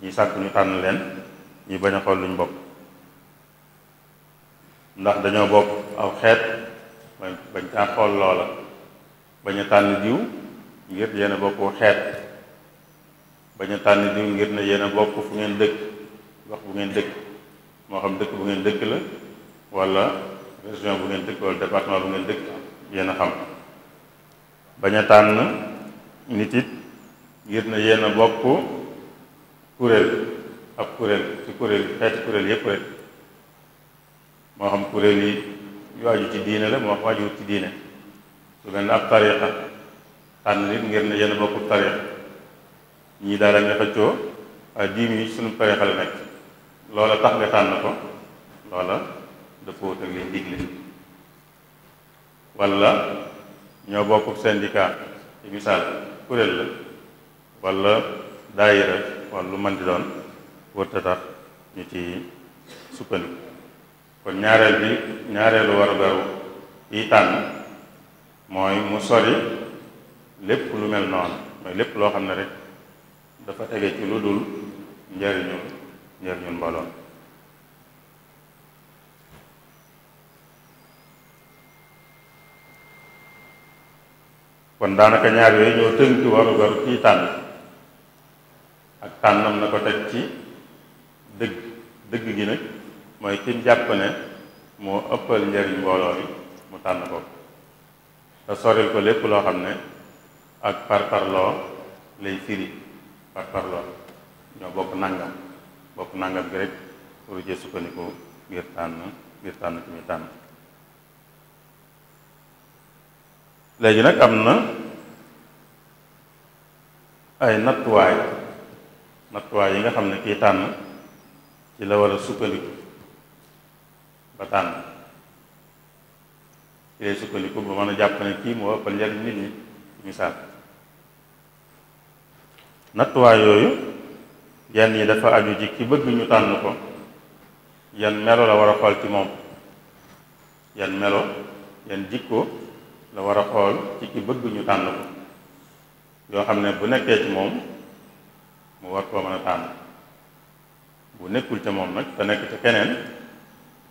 ñuy sàkk ñu tànn leen ñuy bañ a xool luñ bokk ndax dañoo bokk aw xeet bañ bañ caa xool loola bañ a tànn diw ngir yenn a bokk xeet bañ tànn diw ngir ne yéen bokk fu ngeen dëkk wax bu ngeen dëkk moo xam dëkk bu ngeen dëkk la wala région bu ngeen dëkk wala département bu ngeen dëkk yenn a xam bañ a tànn nit it ngir na yéen a kuréel ab kuréel ci kuréel xeeti kuréel yépp rek moo xam kuréel yi yu aju ci diine la moo xam ajuwut ci diine su mel ne ab tariqa tànn nit ngir na yéen a bokk ñii daal dañuy xëccoo waaye diim yi sunu tariqa la nekk loola tax nga tànn ko loola dafa wut ak liñ digle wala ñoo bokk syndicat ci misaal kuréel la wala daayira wala lu mën di doon wërta tax ñu ci sukkandiku kon ñaareel bi ñaareelu war a tànn mooy mu sori lépp lu mel noonu mooy lépp loo xam ne rek dafa tege ci lu dul njariñul njariñul mbooloon kon daanaka ñaar yooyu ñoo tënki waru garu kii tànn ak tànnam na ko teg ci dëgg dëgg gi nag mooy kim jàpp ne moo ëppal njariñ mbooloo yi mu tànn ko te soril ko lépp loo xam ne ak parparloo lay firi parparloo ñoo bokk nangam bokk nangam gi rek pour jë sukkandiku ngir tànn ngir tànn ki muy tànn léegi nag am na ay nattuwaay nattuwaay yi nga xam ne kii tànn ci la war a sukkandiku ba tànn ci lay sukkandiku ba mën a jàpp ne kii moo ëppal njariñ nit ñi misaal nattuwaay yooyu yenn yi dafa aju ci ki bëgg tànn ko yan melo la war a xool ci moom yan melo yan jikko la war a xool ci ki bëgg tànn ko yoo xam ne bu nekkee ci moom mu war koo mën a tànn bu nekkul ca moom nag te nekk ca keneen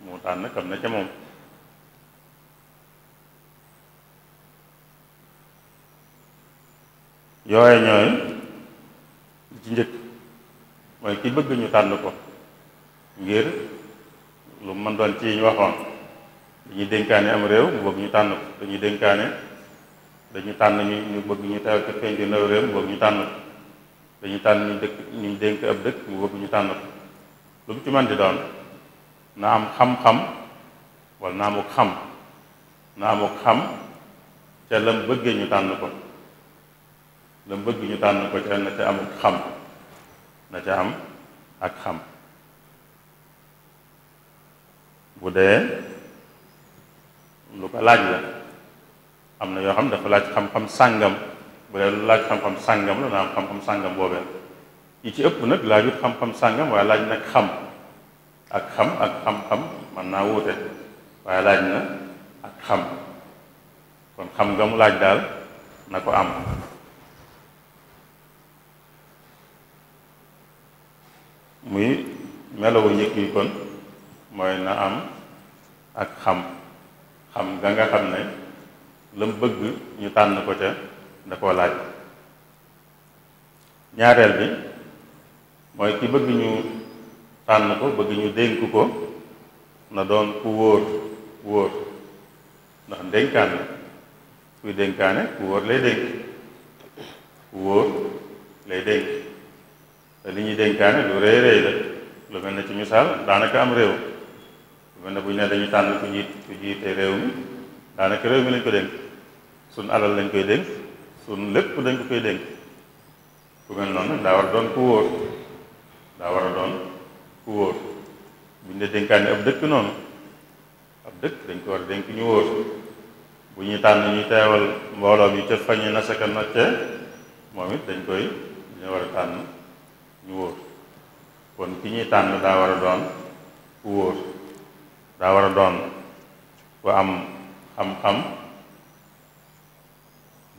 mu tànn kam na ca moom yooye ñooy li ci njëkk mooy ki bëgg ñu tànn ko ngir lu mën doon ci ñu waxoon dañuy dénkaane am réew mu bëgg ñu tànn ko dañuy dénkaane dañu tànn ñu ñu bëgg ñu teew ca penc ndaw réew mu bëgg ñu tànn ko dañuy tànn ñu dëkk ñu dénk ab dëkk mu bëgg ñu tànn ko lu mu ci man di doon na am xam-xam wala na amuk xam na amuk xam ca lam bëggee ñu tànn ko lam bëgg ñu tànn ko ca na ca amuk xam na ca am ak xam bu dee lu ko laaj la am na yoo xam dafa laaj xam-xam sàngam bu dee lu laaj xam-xam sàngam la dana am xam-xam sàngam boobee yi ci ëpp nag laajut xam-xam sàngam waaye laaj nag xam ak xam ak xam-xam mën naa wuute waaye laaj na ak xam kon xam nga mu laaj daal na ko am muy melawu njëkk yi kon mooy na am ak xam xam nga nga xam ne lam bëgg ñu tànn ko ca da koo laaj ñaareel bi mooy ki bëgg ñu tànn ko bëgg ñu dénk ko na doon ku wóor wóor ndax dénkaan la kuy dénkaane ku wóor lay dénk ku wóor lay dénk te li ñuy dénkaane lu rëy rëy la lu mel ne ci misaal daanaka am réew lu mel ne buñ ñu ne dañu tànn ku jiit ku jiite réew mi daanaka réew mi lañ ko dénk suñ alal lañ koy dénk sun lépp dañ ko koy dénk ku mel noonu nag daa war a doon ku wóor daa war a doon ku wóor bu ñu la dénkaane ab dañ ko war a dénk ñu bu ñuy tànn ñu teewal mbooloo bi ca fañu nasaka nocce moom it dañ koy dañu war a tànn ñu wóor kon ki ñuy tànn daa war a doon ku wóor daa war a doon ku am xam-xam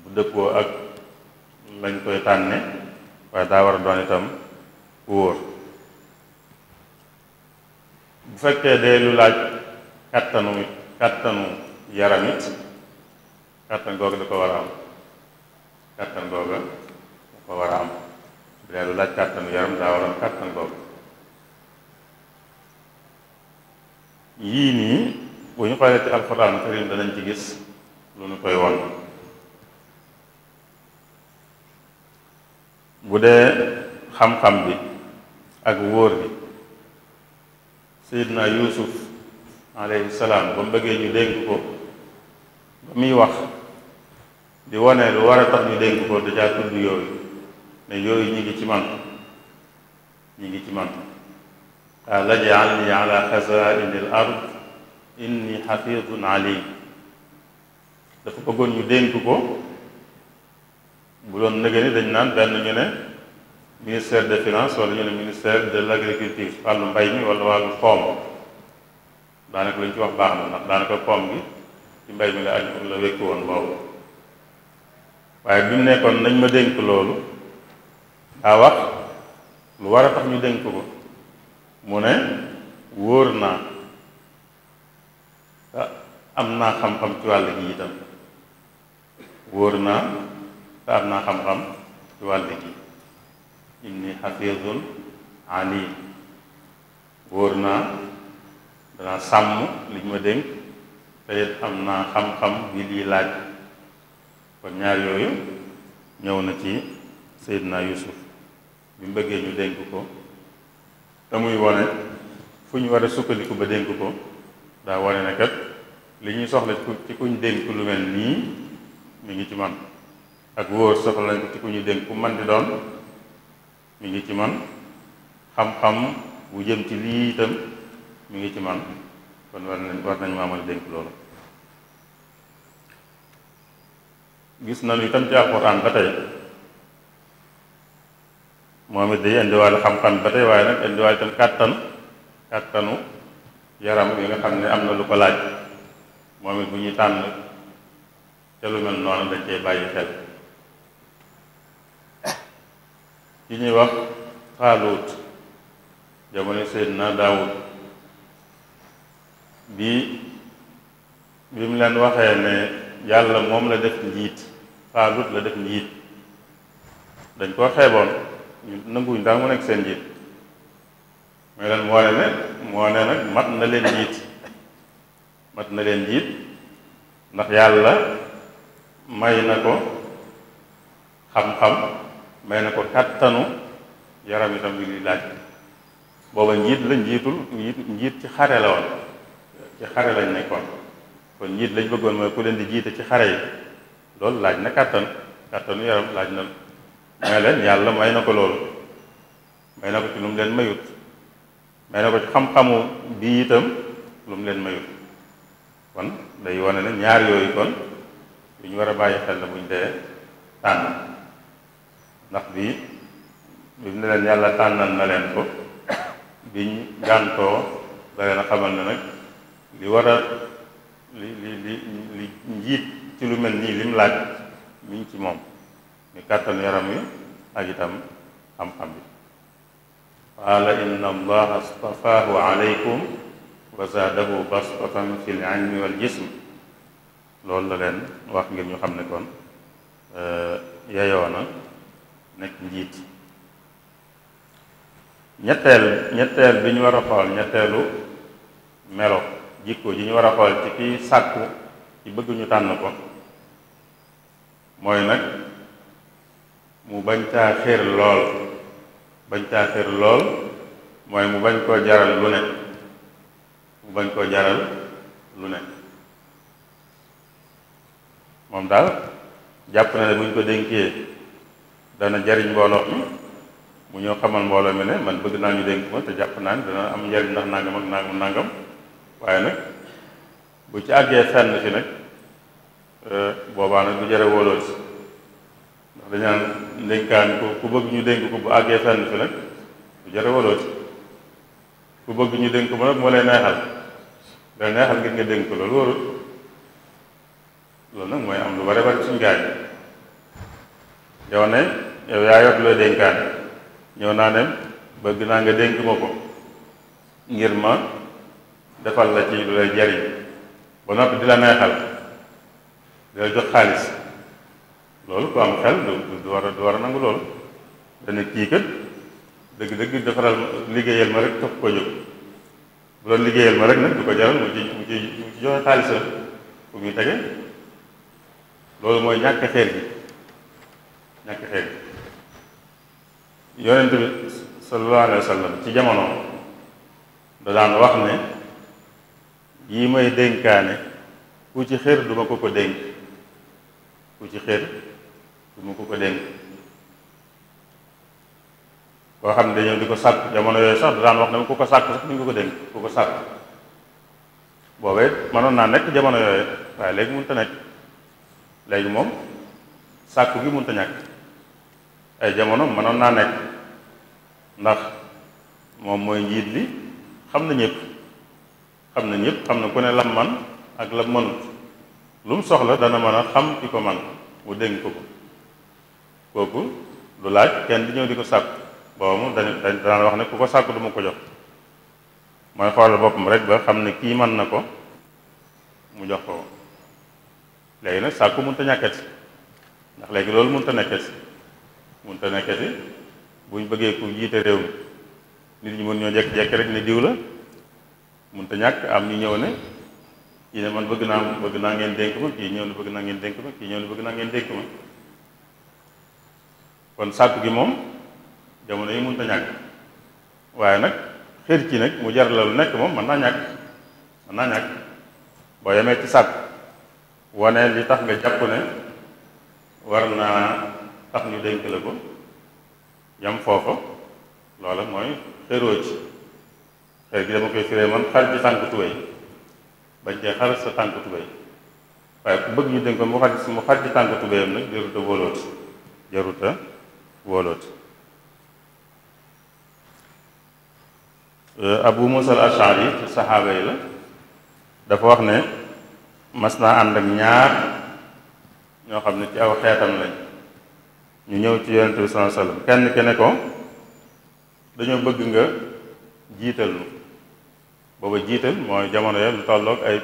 bu dëppoo ak lañ koy tànne waaye daa war a doon itam wóor bu fekkee dee lu laaj kàttanu kàttanu yaram it kàttan googa da ko war a am kàttan googa da ko war a am bu lu laaj kàttanu yaram daa war a am kàttan googa yii nii bu ñu xoolee ci alxuraan karim danañ ci gis lu ñu koy won bu dee xam-xam bi ak wóor bi sayidna yuusuf alayhi salaam ba mu bëggee ñu dénk ko ba muy wax di wane lu war a tax ñu dénk ko dajaa tudd yooyu ne yooyu ñi ngi ci man ñi ngi ci man qaal ij'alnii ala xazaa'ini l ard inni xafiidun aliim dafa bëggoon ñu dénk ko bu doon nëgëni dañ naan benn ñu ne ministère de finances wala ñu ne ministère de l' agriculture wàllu mbay mi wala wàllu xoom daanaka lu ñu ci wax baax na ndax daanaka xoom gi ci mbay mi la aju la wékki woon boobu waaye bi nekkoon nañ ma dénk loolu daa wax lu war a tax ñu dénk ko mu ne wóor naa ah, am naa xam-xam ci wàll gi itam wóor naa te am naa xam-xam ci wàll gi inni xafiizun alim wóor naa danaa sàmm liñ ma dénk te am naa xam-xam bi lii laaj kon ñaar yooyu ñëw na ci Seydina Yuusuf bi mu bëggee ñu dénk ko te muy wane fu ñu war a sukkandiku ba dénk ko daa wane ne kat li ñuy soxla ci kuñ dénk lu mel nii mi ngi ci man ak wóor soxla nañ ko ci ku ñu dénk ku man di doon mu ngi ci man xam-xam bu jëm ci lii itam mi ngi ci man kon war nañ war nañ maa mën a dénk loolu gis nañu itam ci alxuraan ba tey moom it day indiwaale xam-xam ba tey waaye nag indiwaale itam kàttan kàttanu yaram yi nga xam ne am na lu ko laaj moom it bu ñuy tànn te lu mel noonu dañ cee bàyyi xel ki ñuy wax xaaluut jamono Seydina Daawud bi bi mu leen waxee ne yàlla moom la def njiit xaaluut la def njiit dañ koo xeeboon ñu nanguwuñ daal mu nekk seen njiit mooy leen moo ne moo ne nag mat na leen njiit mat na leen njiit ndax yàlla may na ko xam-xam may na ko kattanu yaram itam bi luy laaj booba njiit la njiitul njiit njiit ci xare la woon ci xare lañ nekkoon kon njiit lañ bëggoon mooy ku leen di jiite ci xare yi loolu laaj na kàttan kàttanu yaram laaj na may leen yàlla may na ko loolu may na ko ci lu mu leen mayut may na ko ci xam-xamu bii itam lu mu leen mayut kon day wane ne ñaar yooyu kon yu ñu war a bàyyi xel la buñ dee tànn ndax bii bi ne leen yàlla tànnal na leen ko biñ gàntoo da na xamal ne nag li war li li li li njiit ci lu mel nii lim laaj mi ngi ci moom mi kàttan yaram wi ak itam xam-xam bi qaala inna allaha astafaahu aleykum wa zaadahu bastatan fi lilmi wal jism loolu la leen wax ngir ñu xam ne kon eh, nekk njiit ñetteel ñetteel bi ñu war a xool ñetteelu melo jikko ji ñu war a xool ci kii sàkku ci bëgg tànn ko mooy nag mu bañ caa xér lool bañ caa xér lool mooy mu bañ koo jaral lu ne mu bañ koo jaral lu ne moom daal jàpp na ne bu ñu ko dénkee dana jariñ mbooloo mi mu ñëw xamal mbooloo mi ne man bëgg naa ñu dénk ma te jàpp naa ne dana am njariñ ndax nangam ak nangam nangam waaye nag bu ci àggee fenn fi nag euh, boobaa nag du jare wóoloo ndax dañaan ndénkaan ku bëgg ñu dénk ko bu àggee fenn fi nag du jare wóoloo ku bëgg ñu dénk ko ba nag moo lay neexal da neexal ngir nga dénk ko loolu wóorul loolu nag mooy am lu bare bare suñ gaañ yow ne yow yaa yor looy dénkaane ñëw naa ne bëgg naa nga dénk ma ko ngir ma defal la ci lu lay jariñ ba noppi di la neexal di la jox xaalis loolu ku am xel du du war a du war a nangu loolu dana kii kat dëgg-dëgg defaral liggéeyal ma rek topp ko jóg bu doon liggéeyal ma rek nag du ko jaral mu ci mu ci mu ci joxe xaalis la fu muy tege loolu mooy ñàkk xeer gi ñàkk xeer gi yonent bi sallallahu alayhi wa sallam ci jamono da daan wax ne yi may dénkaane ku ci xër duma ko ko dénk ku ci xër duma ko ko dénk koo xam ne dañoo di ko sàkk jamono yooyu sax da daan wax ne ku ko sàkk sax duñ ko ko dénk ku ko sàkk boobee mënoon naa nekk jamono yooyu waaye léegi mënut a nekk léegi moom sàkku gi mënut a ñàkk ay jamono mënoon naa nekk ndax moom mooy njiit li xam na ñëpp xam na ñëpp xam na ku ne lam man ak lam mënut lu mu soxla dana mën a xam ki ko man mu dénk ko ko kooku lu laaj kenn di ñëw di ko sàkk booba moom dañ daan wax ne ku ko sàkk du ma ko jox mooy xoolal boppam rek ba xam ne kii mën na ko mu jox ko léegi nag sàkku mënut a ñàkkati ndax léegi loolu mun mënut a nekkati mënta nekkati ñu bëggee ku jiite réew mi nit ñi mën ñoo jekk-jekk rek ne diw la mënta ñàkk am ñu ñëw ne kii ne man bëgg naa bëgg naa ngeen dénk ma kii ñëw ne bëgg naa ngeen dénk ma kii ñëw bëgg naa ngeen dénk ma kon sàkku gi moom jamono yi mënta ñàkk waaye nag xër ci nag mu jar la lu nekk moom mën naa ñàkk mën naa ñàkk boo yemee ci sàkku wane li tax nga jàpp ne war naa tax ñu dénk la ko yam foofa loola mooy xëroo ci xër gi dama koy firee man xar ci tànk tubéy bañ cee xar sa tànk tubéy waaye ku bëgg ñu dénk ko mu xar mu xar ci tànk tubéyam nag jaruta wóoloot jaruta wóoloot euh, abu musa al yi ci saxaaba yi la dafa wax ne mas naa ànd ak ñaar ñoo xam ne ci aw xeetam lañ ñu ñëw ci yonent bi sallallahu alayhi wasallam kenn ki ne ko dañoo bëgg nga jiital nu booba jiital mooy jamono ya lu tolloog ay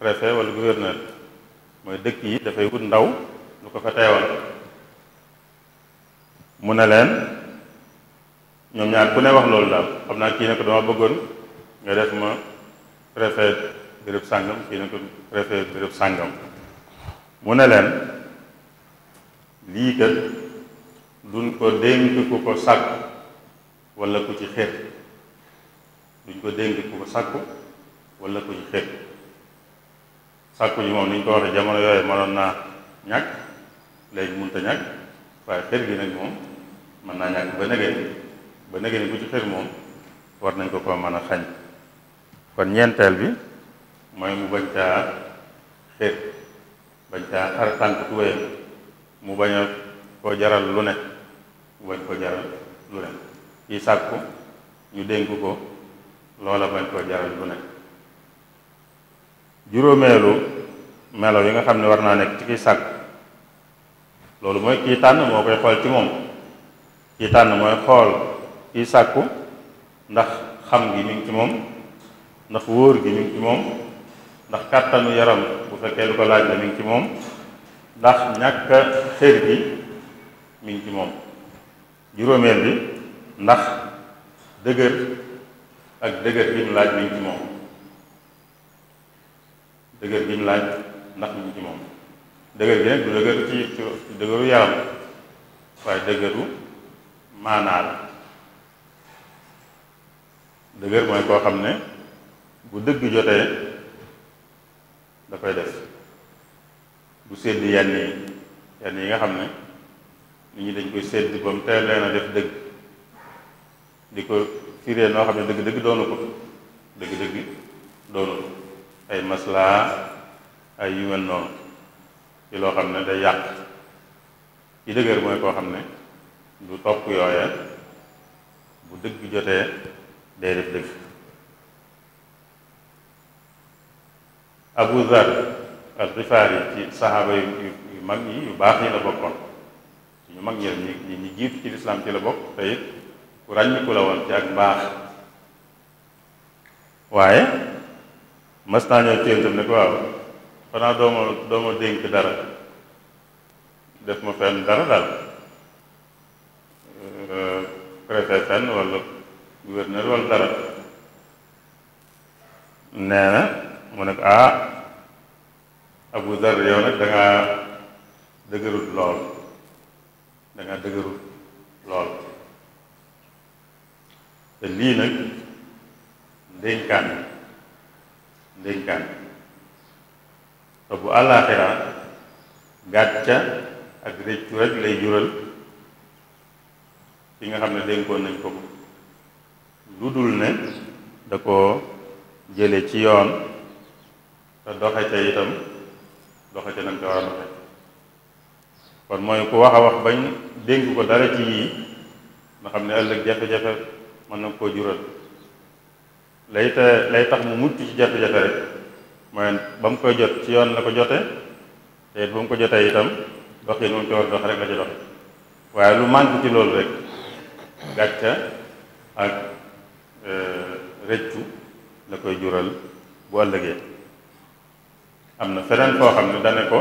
préfet wala gouverneur mooy dëkk yi dafay wut ndaw lu ko fa teewal mu ne leen ñoom ñaar ku ne wax loolu daal xam naa kii ne ko dama bëggoon nga def ma préfet béréb sàngam kii ne ko préfet béréb sàngam mu ne leen lii kat duñ ko dénk ku ko sàkku walla ku ci xeet duñ ko dénk ku ko sàkku walla ku ci xeet sàkku ji moom ni ko waxee jamono yooyu mënoon naa ñàkk léegi mënut ñàkk waaye xeet gi nag moom mën naa ñàkk ba negeen ba negeen ku ci xeet moom war nañ ko ko mën a xañ kon ñeenteel bi mooy mu bañ caa xeet bañ caa ar tànk tuwéyam mu bañ a koo jaral lu ne bañ ko jaral lu ne kii sàkku ñu dénk ko loola bañ koo jaral bu ne juróomeelu melo yi nga xam ne war naa nekk ci kiy sàkk loolu mooy kii tànn moo koy xool ci moom kii tànn mooy xool kii sàkku ndax xam gi mi ci moom ndax wóor gi mi ngi ci moom ndax kàttanu yaram bu fekkee lu ko laaj la mi ngi ci moom ndax ñàkk xër gi mi ngi ci moom juróomeel bi ndax dëgër ak dëgër bi ñu laaj mi ngi ci moom dëgër bi ñu laaj ndax mi ngi ci moom dëgër bi nag du dëgër ci ci dëgëru yaram waaye dëgëru maanaa dëgër mooy koo xam ne bu dëgg jotee da koy def bu sedd yenn yi yenn yi nga xam ne nit ñi dañ koy sedd ba mu teel leen a def dëgg di ko fiire noo xam ne dëgg-dëgg doonu ko dëgg-dëgg doonu ko ay maslaa ay yu noonu ci loo xam ne day yàq ci dëgër mooy koo xam ne du topp yooya bu dëgg jotee day def dëgg Abu Zar al Xifaar yi ci saxaaba yu mag yi yu baax yi la bokkoon ñu mag ñi ñi ñi jiitu ci lislaam ci la bokk te it ku la woon ci ak mbaax waaye mas naa ñëw ci yonent ne ko waaw xanaa doo ma dénk dara def ma fenn dara daal euh, préfet fenn wala gouverneur wala dara nee mu ne ko ah Abu Dar yow nag dangaa dëgërut lool da nga lool te lii nag ndénkaan ndénkaan te bu àllaaxira gàcca ak réccu rek lay jural ki nga xam ne dénkoon nañ ko lu dul ne da koo jële ci yoon te doxe ca itam doxe ca nañ ko war a doxe kon mooy ku wax a wax bañ dénk ko dara ci yii nga xam ne ëllëg jafe-jafe mën na koo jural lay te lay tax mu mucc ci jafe-jafe rek mooy ba mu koy jot ci yoon la ko jote te it ba mu ko jotee itam doxin moom ci war dox rek la ci dox waaye lu ci loolu rek gàcca ak e, rëccu la koy jural bu ëllëgee am na feneen foo xam ne dane ko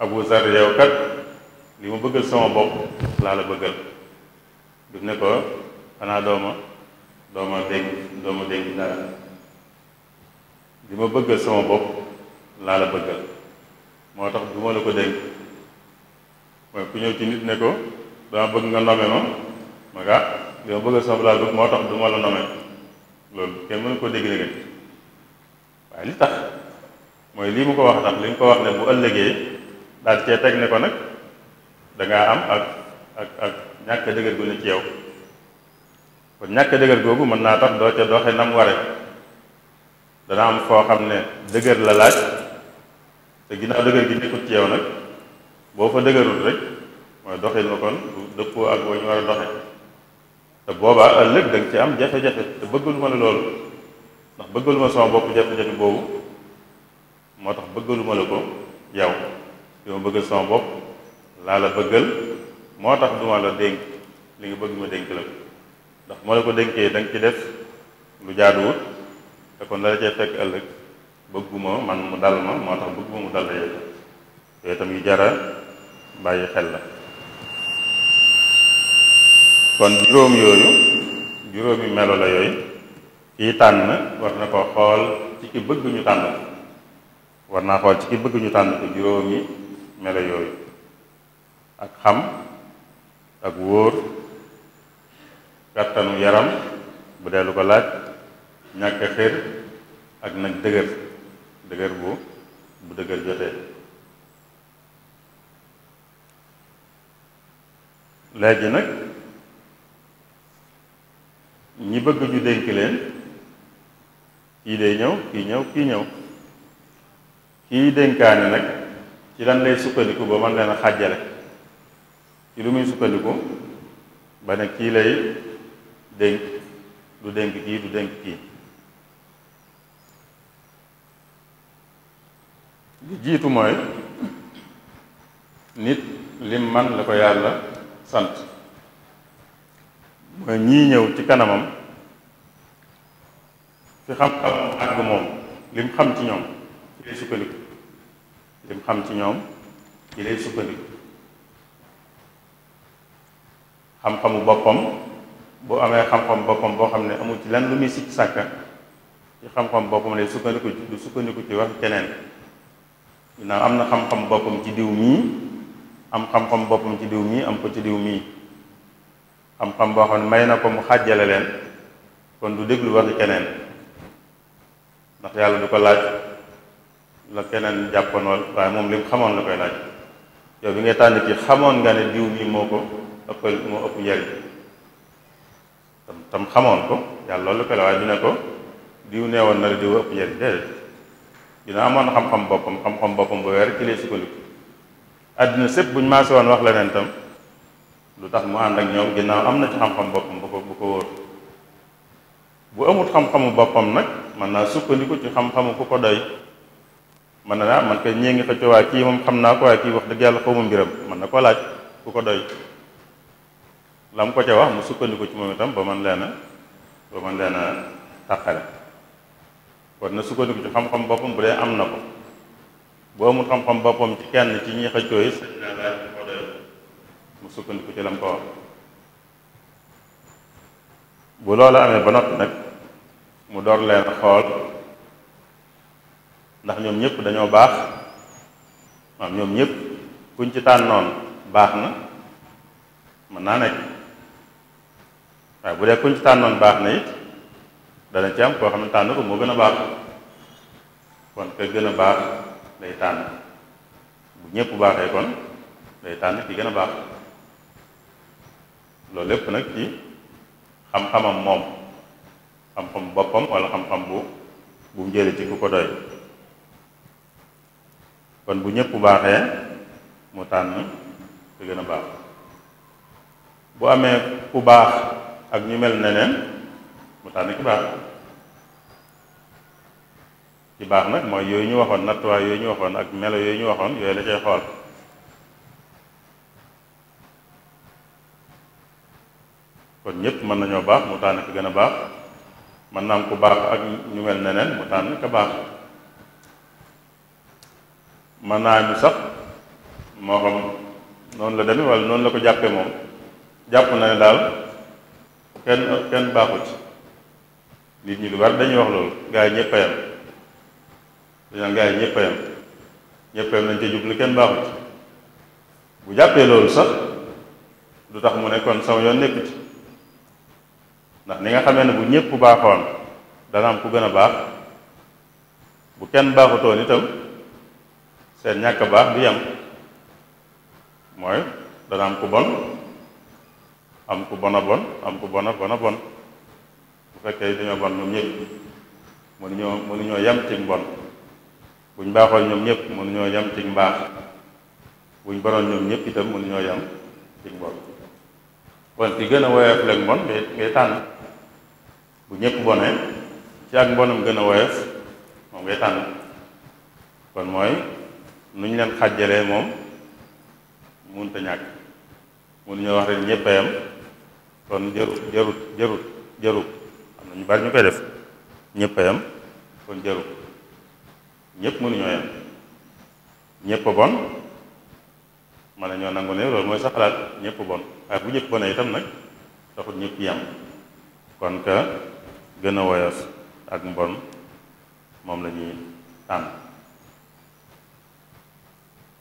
Abu Zar yow kat li ma bëggal sama bopp laa la bëggal du ne ko xanaa dooma dooma dénk dooma dénk dara li ma bëggal sama bopp laa la bëggal moo tax du la ko dénk mooy ku ñëw ci nit ne ko dama bëgg nga nome ma ma nga ah, li ma bëggal sama bopp bëgg moo tax du ma la nome loolu kenn mënu ko dégg dégg waaye li tax mooy lii mu ko wax tax li nga ko wax ne bu ëllëgee daal cee teg ne ko nag dangaa am ak ak ñàkk a dëgër gu ne ci kon ñàkk a dëgër googu mën naa tax doo ca doxe nam ware dana am foo xam ne dëgër la laaj te ginnaaw dëgër gi nekkut ci nag boo fa dëgërul rek mooy doxin ma kon dëppoo ak boo ñu war a doxe te boobaa ëllëg da nga ci am jafe-jafe te bëggul ma la loolu ndax bëggalu ma sama bopp jafe-jafe boobu moo tax bëggalu ma la ko yow li ma sama bopp laa la bëggal moo tax duma la dénk li nga bëgg ma dénk la ko ndax moo la ko dénkee da ci def lu jaaduwut te kon la la cay fekk ëllëg bëgguma man mu dal ma moo tax bëgguma mu dal la yooyu yooyu tam yu jara bàyyi xel la kon juróom yooyu juróomi melo la yooyu kii tànn war na ko xool ci ki bëgg tànn ko war naa xool ci ki bëgg ñu tànn ko juróomi melo yooyu ak xam ak wóor kàttanu yaram bu dee lu ko laaj ñàkk xër ak nag dëgër dëgër bu bu dëgër jotee léegi nag ñi bëgg ñu dénk leen kii day ñëw kii ñëw kii ñëw kii dénkaane nag ci lan lay sukkandiku ba mën leen a xàjjale ci lu muy sukkandiku ba ne kii lay dénk du dénk kii du dénk kii li jiitu mooy nit lim man la ko yàlla sant mooy ñii ñëw ci kanamam fi xam-xam àgg moom lim xam ci ñoom ci lay sukkandiku lim xam ci ñoom ci lay sukkandiku xam-xamu boppam bu amee xam-xam boppam boo xam ne amul ci lenn lu muy sikk sàkka ci xam-xam boppam lay sukkandiku du sukkandiku ci wax keneen naa am na xam-xam boppam ci diw mii am xam-xam boppam ci diw mii am ko ci diw mii xam-xam boo xam ne may na ko mu xàjjale leen kon du déglu waxi keneen ndax yàlla du ko laaj la keneen jàppanool waaye moom li mu xamoon la koy laaj yow bi ngay tànn ci xamoon nga ne diw mii moo ko ëppal moo ëpp njariñ tam tam xamoon ko yàlla loolu ko la waaye dina ko diw nee woon na la diw ëpp njariñ déedéet dina amoon xam-xam boppam xam-xam boppam bu weer ci lay sukkandiku àddina sépp buñ maase woon wax leneen tam lu tax mu ànd ak ñoom ginnaaw am na ci xam-xam boppam bu ko bu ko wóor bu amut xam-xamu boppam nag mën naa sukkandiku ci xam-xamu ku ko doy mën na naa ah, man koy ñée ngi xëccoo waa kii moom xam naa ko waaye kii wax dëgg yàlla xawma mbiram mën na koo laaj ku ko doy la ko ca wax mu sukkandiku ci moom itam ba man leen a ba man leen a tàqale kon na sukkandiku ci xam-xam boppam bu dee am na ko boo amul xam-xam boppam ci kenn ci ñi xëccoo yi mu sukkandiku ci lam ko wax bu loolu amee ba noppi nag mu door leen xool ndax ñoom ñëpp dañoo baax maam ñoom ñëpp kuñ ci tànnoon baax na mën naa nekk waaye bu dee kuñ ci tànnoon baax na it dana ci am koo xam ne tànn ko moo gën a baax kon ka gën a baax day tànn bu ñëpp baaxee kon gën a baax loolu lépp nag ci xam-xamam moom xam-xam boppam walla xam-xam bu bu mu jëlee ci ko doy kon bu ñëpp baaxee mu tànn te gën a baax bu amee ku baax ak ñu mel neneen mu tànn ki baax ki baax nag mooy yooyu ñu waxoon nattuwaay yooyu ñu waxoon ak melo yooyu ñu waxoon yooyu la cay xool kon ñépp mën nañoo baax mu tànn ki gën a baax mën naa am ku baax ak ñu mel neneen mu tànn ka baax mën naa ñu sax moo xam noonu la demee wala noonu la ko jàppe moom jàpp na ne daal kenn kenn baaxu nit ñi lu war dañuy wax loolu gaa yi ñëpp a yem yi ñëpp a yem ñëpp a kenn baaxu bu jàppee loolu sax lu tax mu ne kon sama yoon nekku ci ndax ni nga xamee ne bu ñëpp baaxoon dana am ku gën a baax bu kenn baaxutoon itam seen ñàkk baax bu yem mooy dana ku bon am ku bon a bon am ku bon a bon bu fekkee dañoo bon ñoom ñëpp mënuñoo mënuñoo yem ci mbon buñ baaxoon ñoom ñëpp mënuñoo yem ci mbaax buñ bonoon ñoom ñëpp itam mënuñoo yem ci mbon kon ci gën a woyof leeg mbon ngay ngay bu ñëpp bonee ci ak mbonam gën a woyof moom ngay tànn kon mooy nuñ leen xàjjalee moom mënut a ñàkk mënuñoo wax rek ñëpp a kon jarut jarut jarut jarut am na ñu bari ñu koy def ñëpp kon jarut ñëpp mënuñoo bon mën nañoo nangu ne loolu mooy sa xalaat bon waaye bu ñëpp nag taxul ñëpp yem kon ak mbon moom la ñuy tànn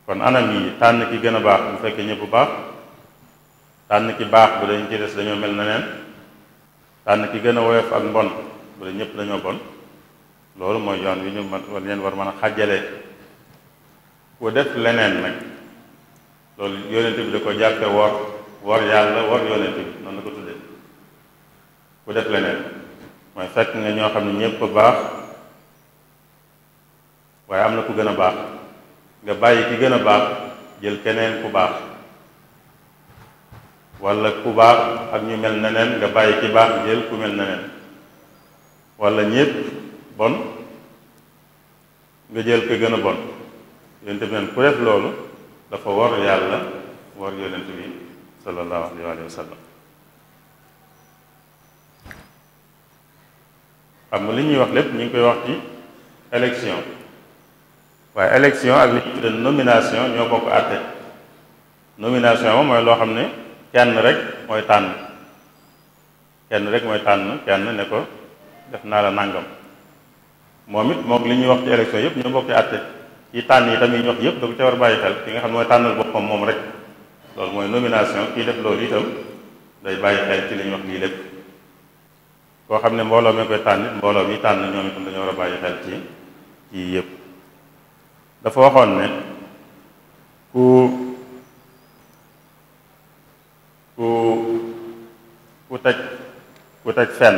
kon anam yi tànn ki gën a baax bu fekkee ñëpp baax tànn ki baax bu dee ñu ci dañoo mel neneen tànn ki gën a woyof ak mbon bu dee ñëpp dañoo bon loolu mooy yoon wi ñu mën leen war mën a xàjjale ku def leneen nag loolu yonent bi da ko jàppe wor wor yàlla wor yonent bi noonu la ko tuddee ku def leneen mooy fekk nga ñoo xam ne ñëpp baax waaye am na ku gën a baax nga bàyyi ki gën a baax jël keneen ku baax wala ku baax ak ñu mel neneen nga bàyyi ki baax jël ku mel neneen wala ñépp bon nga jël ko gën a bon yonent bi neen ku def loolu dafa war yàlla war yonent bi sallallahu alayhi wa sallam xam nga li ñuy wax lépp ñu ngi koy wax ci élection waaye élection ak li ñuy tudde nomination ñoo bokk àtte nomination moom mooy loo xam ne kenn rek mooy tànn kenn rek mooy tànn kenn ne ko def naa la nangam moom it moo li ñuy wax ci élection yëpp ñoo bokk ci àtte ci tànn yi tam yi ñu wax yëpp da ko ca war bàyyi xel ki nga xam mooy tànnal boppam moom rek loolu mooy nomination kii def loolu itam day bàyyi xel ci li ñuy wax lii lépp koo xam ne mbooloo mi koy tànn it mbooloo mi tànn ñoom itam dañoo war a bàyyi xel ci ci yëpp dafa waxoon ne ku ku ku teg ku teg fenn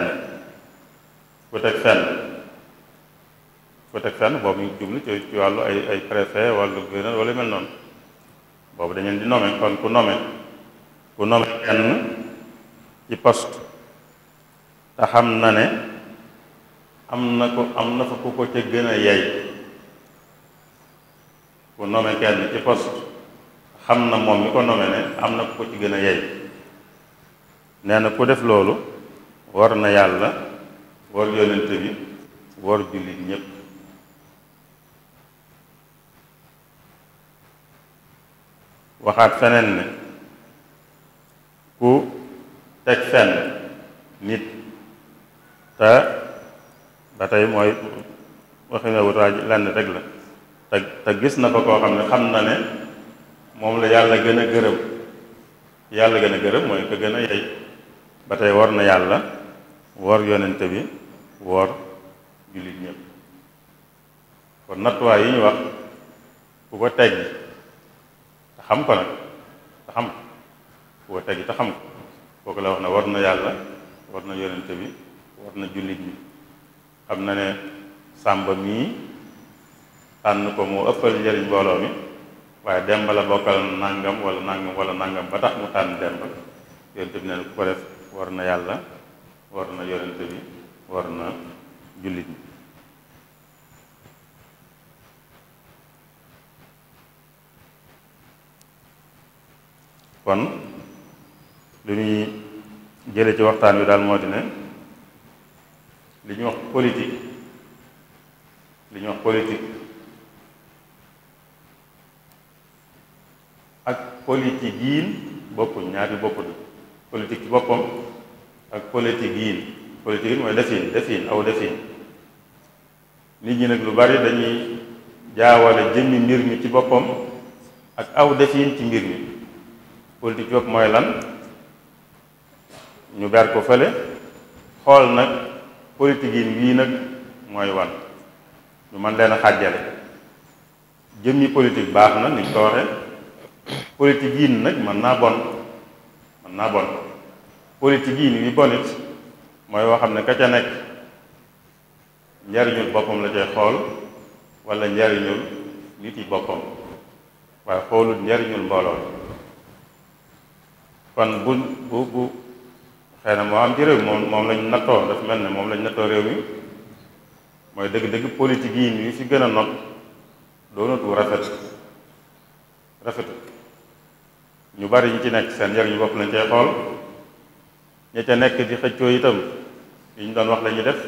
ku teg fenn ku teg fenn boobu ñu jublu ci wàllu ay ay préfet wala gouverneur mel noonu boobu dañu leen di nommé kon ku nommé ku nommé kenn ci poste te xam na ne am na ko am na fa ku ko ca gën a yey ku nommé kenn ci poste xam na moom mi ko nommé ne am na ku ko ci gën a yey nee na ku def loolu war na yàlla war yonent bi war jullit ñépp waxaat feneen ne ku teg fenn nit te ba tey mooy waxina wutaaj lenn rek la te te gis na ko koo xam ne xam na ne moom la yàlla gën a gërëm yàlla gën a gërëm mooy ko gën a yey ba tey war na yàlla war yonente bi war jullit ñëpp kon nattuwaay yi ñu wax ku ko teggi te xam ko nag te xam ko ku ko teggi te xam ko kooku la wax ne war na yàlla war na yonente bi war na jullit ñi xam na ne sàmba mii tànn ko moo ëppal njëriñ mbooloo mi waaye demba la bokkal nangam wala nangam wala nangam ba tax mu tànn demba yonente bi ne ku ko def war na yàlla war na yonente bi war na jullit ñi kon lu ñuy jële ci waxtaan wi daal moo di ne li ñuy wax politique li ñuy wax politique ak politique yiin bokkuñ ñaari bokkuñu politique ci boppam ak politique yiin politique yiin mooy defin defin aw defin nit ñi nag lu bari dañuy jaawale jëmmi mbir mi ci boppam ak aw defin ci mbir mi politique ci bopp mooy lan ñu ber ko fële xool nag politique yiin wii nag mooy wan ñu mën leen a xàjjale jëmmi politique baax na ni ko waxee politique yiin nag mën naa bon xam naa bon politique yi ni muy mooy woo xam ne ka ca nekk njariñul boppam la cay xool wala njariñul nit yi boppam waaye xoolul njariñul mbooloo kon bu bu bu xëy na moo am ci réew moom moom lañ nattoo dafa mel ni moom lañ nattoo réew mi mooy dëgg-dëgg politique yi ñu fi gën a not doonatu rafet rafetu ñu bari ñu ci nekk seen njariñu bopp lañ cay xool ñi nekk di xëccoo itam li ñu doon wax la def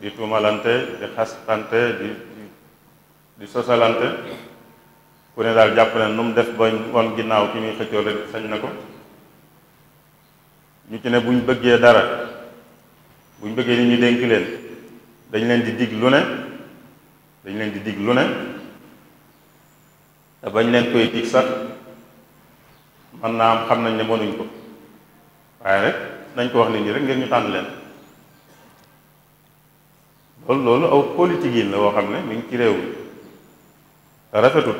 di tuumalante di xastante di di sosalante ku ne daal jàpp ne nu mu def ba woon ginnaaw ki muy xëccoo rek sañ na ko ñu ci ne buñ bëggee dara buñ bëggee nit ñu dénk leen dañ leen di dig lu ne dañ leen di dig lu ne te bañ leen koy dig sax man naa am xam nañ ne mënuñ ko waaye rek nañ ko wax nit ñi rek ngir ñu tànn leen loolu loolu aw politique yi la woo xam ne mi ngi ci réew mi te rafetut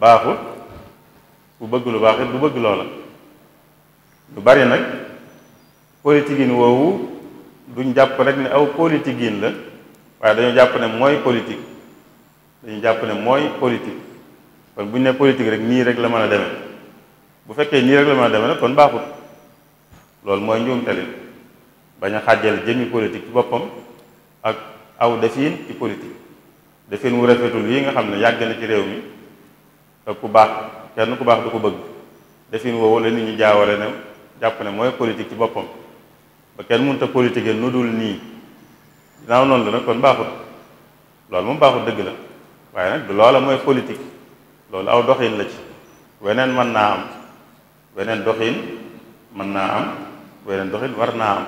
bëgg lu baax it bëgg loola lu bari nag politique yi woowu duñ jàpp rek ne aw politique yi la waaye dañoo jàpp ne mooy politique dañu jàpp ne mooy politique buñ ne politique rek nii rek la mën a demee bu fekkee nii règlement deme na kon baaxut loolu mooy njuumte bañ a xàjjal jëmmi politique ci boppam ak aw defiin ci politique defiin wu rafetul yi nga xam ne yàgg na ci réew mi te ku baax kenn ku baax du ko bëgg defiin woowu la nit ñu jaawale ne jàpp ne mooy politique ci boppam ba kenn mënut a politique nu dul nii ginnaaw noonu la nag kon baaxut loolu mu baaxut dëgg la waaye nag loola mooy politique loolu aw doxin la ci weneen mën naa am weneen doxin mën naa am weneen doxin war naa am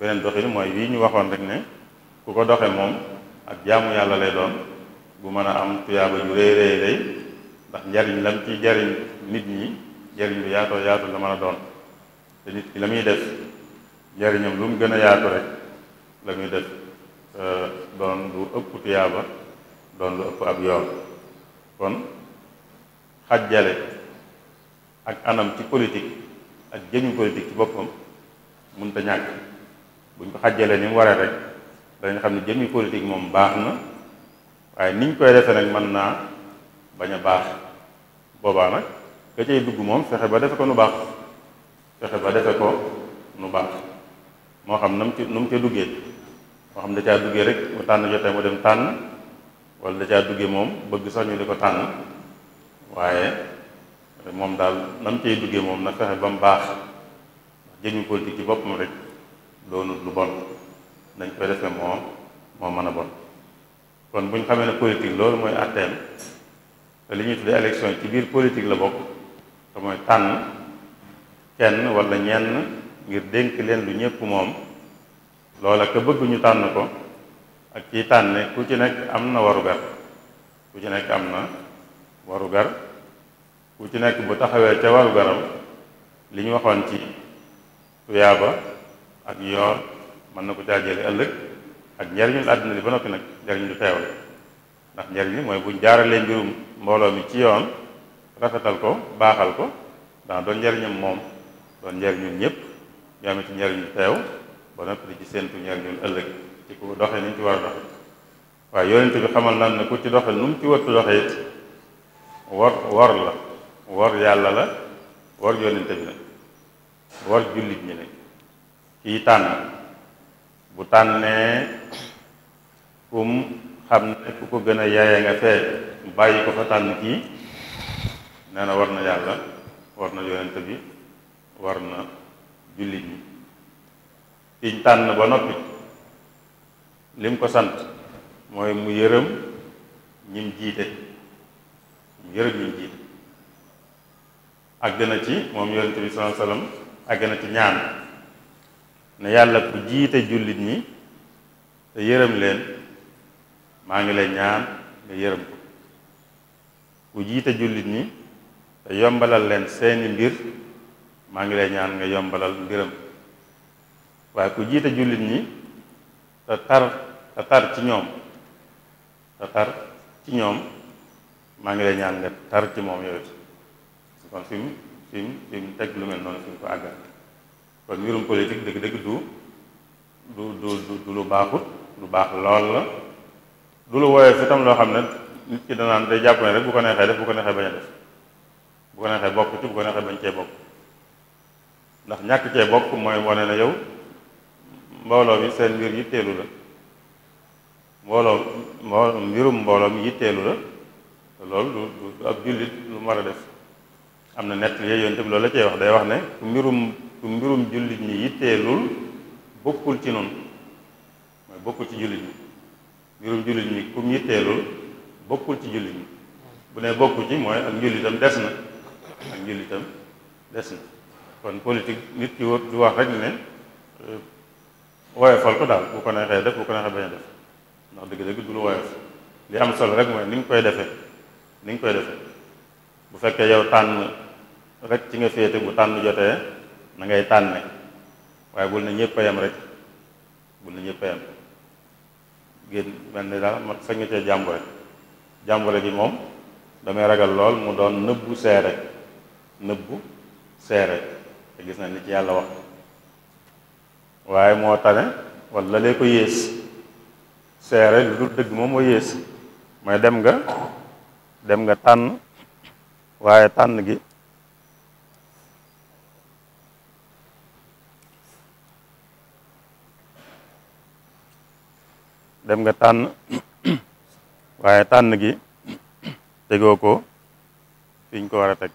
weneen doxin mooy bii ñu waxoon rek ne ku ko doxe moom ak jaamu yàlla lay doon bu mën a am tuyaaba ju rëy rëy ndax njariñ lam ci jariñ nit ñi njariñ lu yaatoo yaatu la mën a doon te nit ki la muy def njariñam lu mu gën a yaatu rek la muy def euh, doon lu ëpp tuyaaba doon lu ëpp ab yoon kon xajjale ak anam ci politique ak jëmi politique ci boppam mënut a ñàkk buñ ko xàjjalee ni mu waree rek danañ xam ne jëmi politik moom baax na waaye niñ koy defee nag mën naa bañ a baax boobaa nag ka dugg moom fexe ba defe ko nu baax fexe ba defe ko nu baax moo xam na mu nu mu ca duggee moo xam da caa duggee rek mu tànn jotee mu dem tànn wala da caa duggee moom bëgg sax ñu di ko tànn waaye te moom daal na mu cay duggee moom na fexe ba mu baax jëmmi politique ci boppam rek doonut lu bon dañ koy defee moo moo mën a bon kon bu ñu xamee ne politique loolu mooy àtteem te li ñuy tuddee élection ci biir politique la bokk te mooy tànn kenn walla ñenn ngir dénk leen lu ñëpp moom loola ka bëgguñu tànn ko ak ciy tànne ku ci nekk am na warugar ku ci nekk am na warugar bu ci nekk bu taxawee ca waru garam li waxoon ci tuyaaba ak yoor mën na ko jaajële ëllëg ak njariñul àdduna li ba noppi nag njariñ lu teew la ndax njariñ mooy buñ jaaralee mbirum mbooloo mi ci yoon rafetal ko baaxal ko dana doon njariñam moom doon njariñul ñëpp ñu amee ci njariñu teew ba noppi di ci séentu njariñul ëllëg ci ku doxee ni ñu ci war a doxe waaye yonent bi xamal nan ne ku ci doxe nu mu ci wëttu doxe it war war la war yàlla la war yonente bi la war jullit ñi la kii tànn bu tànnee kum xam ne ku ko gën a yaaya nga fee bàyyi ko fa tànn kii nee na war na yàlla war na yonente bi war na jullit ñi kiñ tànn ba noppi lim ko sant mooy mu yërëm ñim jiite mu yërëm ñim jiite àgg na ci moom yonent bi sallallahu alayhi wasallam àgg na ci ñaan ne yàlla ku jiite jullit ñi te yërëm leen maa ngi lay ñaan nga yërëm ko ku jiite jullit ñi te yombalal leen seeni mbir maa ngi lay ñaan nga yombalal mbiram waaye ku jiite jullit ñi te tar te tar ci ñoom te tar ci ñoom maa ngi lay ñaan nga tar ci moom yooyu kon suñ suñ suñ teg lu mel noonu suñ ko àggal kon mbirum politique dëgg-dëgg du du du lu baaxut lu baax lool la du lu woyee si tam loo xam ne nit ki danaan day jàpp rek bu ko neexee def bu ko neexee bañ a def bu ko neexee bokk ci ko neexee bañ cee bokk ndax ñàkk cee bokk mooy wane na yow mbooloo mi seen mbir yitteelu la mbooloo mbirum mbooloo mi yitteelu la loolu du du ab jullit lu mu war a def am na nett yooyu yoon tam loolu la cay wax day wax ne ku mbirum ku mbirum jullit ñi yitteelul bokkul ci noonu mooy bokkul ci jullit ñi mbirum jullit ñi ku yitteelul bokkul ci jullit ñi bu ne bokkul ci mooy ak njullitam des na ak njullitam des na kon politique nit ki wër du wax rek ne euh, woyofal ko daal bu ko neexee def bu ko neexee bañ a def ndax dëgg-dëgg du lu woyof li am solo rek mooy ni nga koy defee ni koy defee bu fekkee yow tànn rek ci nga féete bu tànn jotee na ngay tànne waaye bul na ñëpp yem rek bul ne ñëpp génn mel ni daal ma sañ nga cee jàmbure jàmbure gi moom damay ragal lool mu doon nëbbu seere nëbbu seere te gis na ni ci yàlla wax waaye moo tane wala lee ko yées seere lu dul dëgg moom moo yées mooy dem nga dem nga tànn waaye tànn gi dem nga tànn waaye tànn gi tegoo ko fi ñu ko war a teg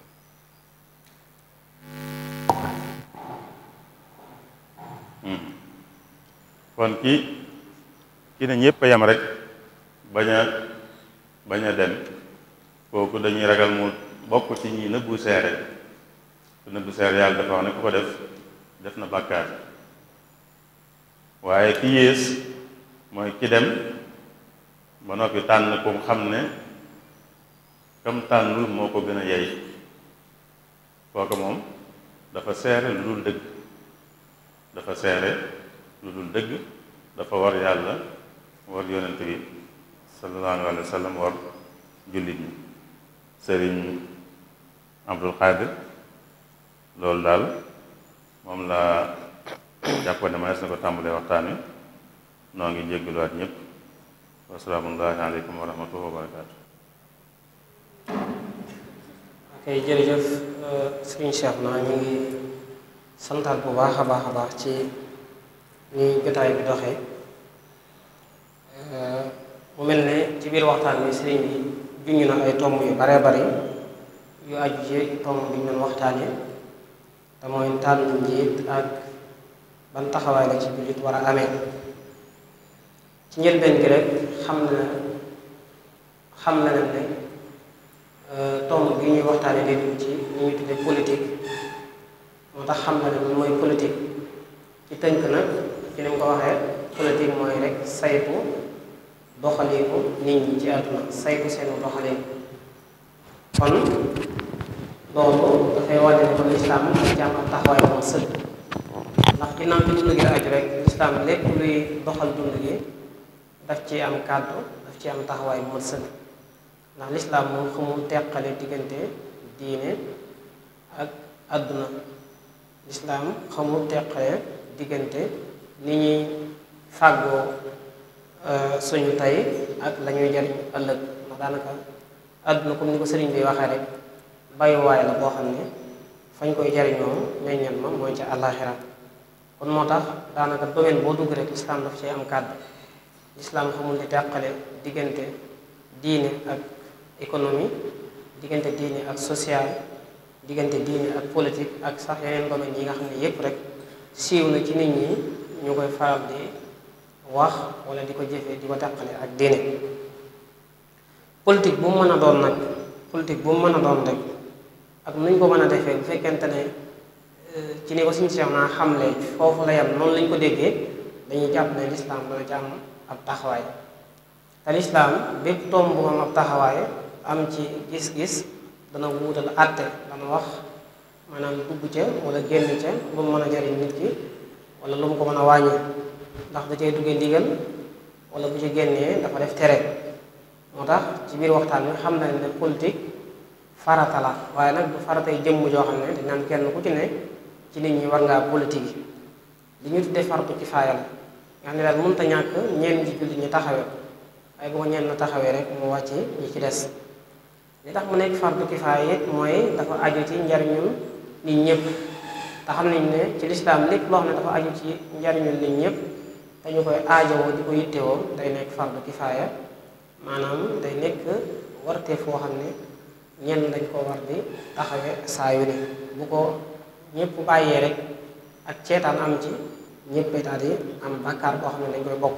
kon kii kii ne ñëpp a rek bañ a bañ a dem kooku dañuy ragal mu bokk ci ñi nëbbu seere nëbbu seere yàlla dafa wax ne ku ko def def na bàkkaar waaye ki yées mooy ki dem ba noppi tànn kum xam ne kam tànnul moo ko gën a yey kooka moom dafa seere lu dul dëgg dafa seere lu dul dëgg dafa war yàlla war yonent bi sallallahu alayhi wa sallam war jullit ñi sëriñ Abdul Xaadir loolu daal moom laa jàppoon ne ma na ko tàmbalee waxtaan wi noo ngi jéggaluwaat ñëpp wasalaamullahi aleykum wa rahmatullahi wa barakaatu kay jërëjëf sëriñ Cheikh na ñu ngi santaat bu baax a baax a baax ci ni jotaay bi doxee mu mel ni ci biir waxtaan bi sëriñ bi na ay tomb yu baree bari yu aju ci tomb bi ñu doon waxtaane te mooy tànn njiit ak ban taxawaay la ci jullit war a amee ci njëlbeen gi rek xam na xam na nag ne euh, tomb gi ñuy waxtaane di ci ñu ñuy tuddee politique moo tax xam na ne lu mooy politique ci tënk nag ci ni ko waxee politique mooy rek saytu doxaleeku nit ñi ci àdduna saytu seen doxaleeku kon loolu dafay wane ne kon lislaam ci am ab taxawaay moom sëkk ndax ginnaaw bi dund gi aju rek lislaam lépp luy doxal dund gi daf ci am kàddu daf ci am taxawaay bu mat sëkk ndax lislaam moom xamul teqale diggante diine ak àdduna lislaam xamul teqale diggante ni ñuy fàggoo euh, suñu tey ak la ñuy jariñ ëllëg ndax daanaka àdduna comme ni ko sëriñ bi waxee rek bayuwaay la boo xam ne fañ koy jariñoo meññal ma mooy ca àllaaxira kon moo tax daanaka domaine boo dugg rek lislaam daf ci am kàddu lislaam xamul di tàqale diggante diine ak économie diggante diine ak social diggante diine ak politique ak sax yeneen domaine yi nga xam ne yépp rek siiw na ci nit ñi ñu koy faral di wax wala di ko jëfee di ko tàqale ak diine politique bu mu mën a doon nag politique bu mu mën a doon rek ak nuñ ko mën a defee bu fekkente ne euh, ci ne ko suñu seex naa xamle foofu la yam noonu lañu ko déggee dañuy jàpp ne lislaam dana ci am ab taxawaay te lislaam bépp tomb bu ab taxawaay am ci gis-gis dana wuutal àtte dama wax maanaam dugg ca wala génn ca lu mu mën a jariñ nit ki wala lu mu ko mën a wàññi ndax da cay duggee ndigal wala bu ci génnee dafa def tere moo tax ci biir waxtaan bi xam na ne politique farata la waaye nag du faratay jëmm joo xam ne dañ naan kenn ku ci ne ci nit ñi war ngaa politique yi li ñu tuddee faratu kifaaya la nga xam ne daal mënut a ñàkk ñeen ñi jullit ñi taxawee waaye bu ko ñeen na taxawee rek mu wàcce ñi ci des li tax mu nekk fardu kifaaya it mooy dafa aju ci njariñu nit ñëpp te xam nañ ne ci lislaam lépp loo xam ne dafa aju ci njariñul nit ñëpp dañu koy aajowoo di ko yittewoo day nekk fardu kifaaya maanaam day nekk warte foo xam ne ñenn dañ ko war di taxawee saa yu ne bu ko ñëpp bàyyee rek ak ceetaan am ci ñëppay daal di am bàkkaar boo xam ne dañ koy bokk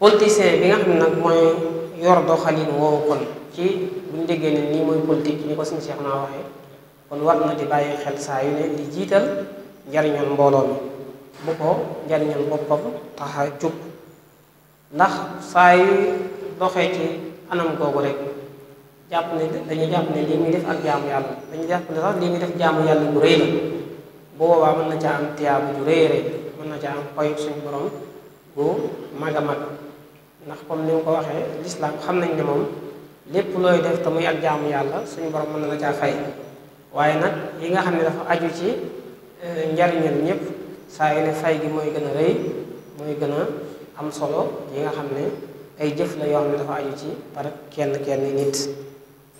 politicien bi nga xam ne nag mooy yor doxalin woowu kon ci buñ déggee nii mooy politique ni ko suñu Cheikh naa waxee kon war na di bàyyi xel saa yu ne di jiital njariñoon mbooloo mi bu ko njariñoon boppam tax a jub ndax saa yu doxee ci anam googu rek jàpp ne dañuy jàpp ne lii muy def ak jaamu yàlla dañuy jàpp ne sax lii muy def jaamu yàlla bu rëy la bu boobaa mën na caa am tiyaabu ju rëy rëy mën na caa am poyut suñu borom bu mag a mag ndax comme ni nga ko waxee lislaam xam nañ ne moom lépp looy def te muy ak jaamu yàlla suñu borom mën na la caa fay waaye nag yi nga xam ne dafa aju ci e, njariñal ñëpp saa yu ne fay gi mooy gën a rëy mooy gën a am solo yi nga xam ne ay jëf la yoo xam ne dafa aju ci par kenn kenn nit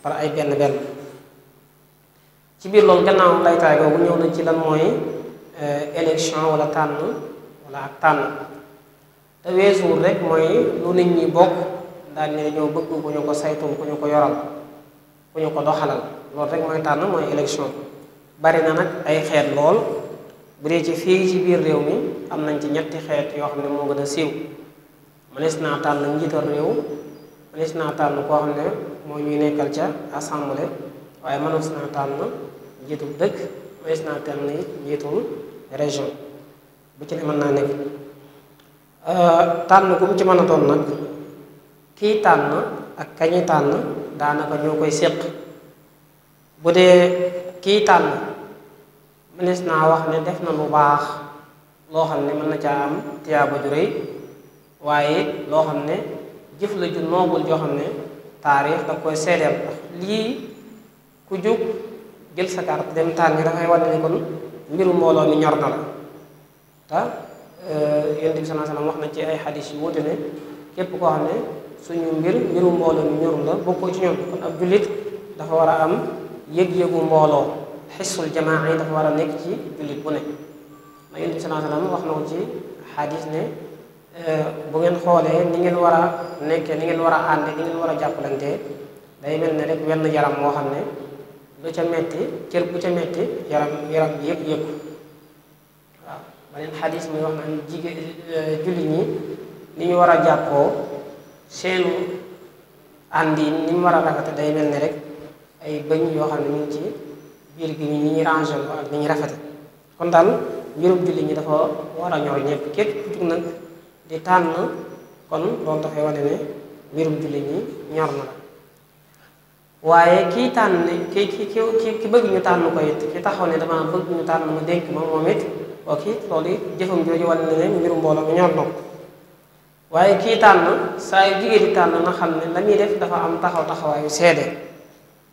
par ay benn benn ci biir loolu gannaaw laytaay googu ñëw nañ ci lan mooy euh, élection wala tànn wala ak tànn te weesuwul rek mooy lu nit ñi bokk daal ne bëgg ku ñu ko saytul ku ñu ko yoral ku ñu ko doxalal loolu rek mooy tànn mooy élection bari na nag ay xeet lool bu dee ci fii ci biir réew mi am nañ ci ñetti xeet yoo xam ne moo gën a siiw mënees naa tànn njiital réew mënees naa tànn koo xam ne moo ñuy nekkal ca assemblée waaye mënees naa tànn njiitum dëkk wees naa tànn it région bu ci ne mën naa nekk euh, tànn ku mu ci mën a doon nag kii tànn ak kañi tànn daanaka ñoo koy séq bu dee kii tànn mënees naa wax ne def na lu baax loo xam ne mën na caa am tiyaaba ju rëy waaye loo xam ne jëf la ju noobul joo xam ne taarix da koy seedeel lii ku jóg jël sa carte dem taal gi dafay wane ni kon mbiru mbooloo mi ñor na la te euh, yonent bi wax na ci ay xadis yu wuute ne képp koo xam ne suñu mbir mbiru mbooloo mi ñorul la bokkoo ci ñoom kon ab jullit dafa war a am yëg-yëgu mbooloo xisul jamaa yi dafa war a nekk ci jullit bu ne ma yonent bi sallallahu wax na ko ci xadis ne euh, bu ngeen xoolee ni ngeen war a nekkee ni ngeen war a àndee ni ngeen war a jàppalantee day mel ne rek wenn yaram moo xam ne lu ca metti cër bu ca metti yaram yaram bi yëpp yëpp waaw beneen xadis muy wax naan jigéen euh, julli ñi ni ñu war a jàppoo seenu ànd yi ni mu war a rafete day mel ni rek ay bëñ yoo xam ne mu ngi ci biir gi ñu ni ñuy rangé ko ak ni ñuy rafete kon daal mbirum julli ñi dafa war a ñor ñëpp képp ku jug nag di tànn kon loolu dafay wane ne mbirum julli ñi ñor na waaye kii tànn ki ki ki ki bëgg ñu tànn ko it ki taxaw ne dama bëgg ñu tànn ma dénk ma moom oo ok loolu yi jëfam jooju wane na ne mbirum mbooloo mi ñor na ko waaye kii tànn saa yu jigéen tànn na xam ne la muy def dafa am taxaw taxawaayu seede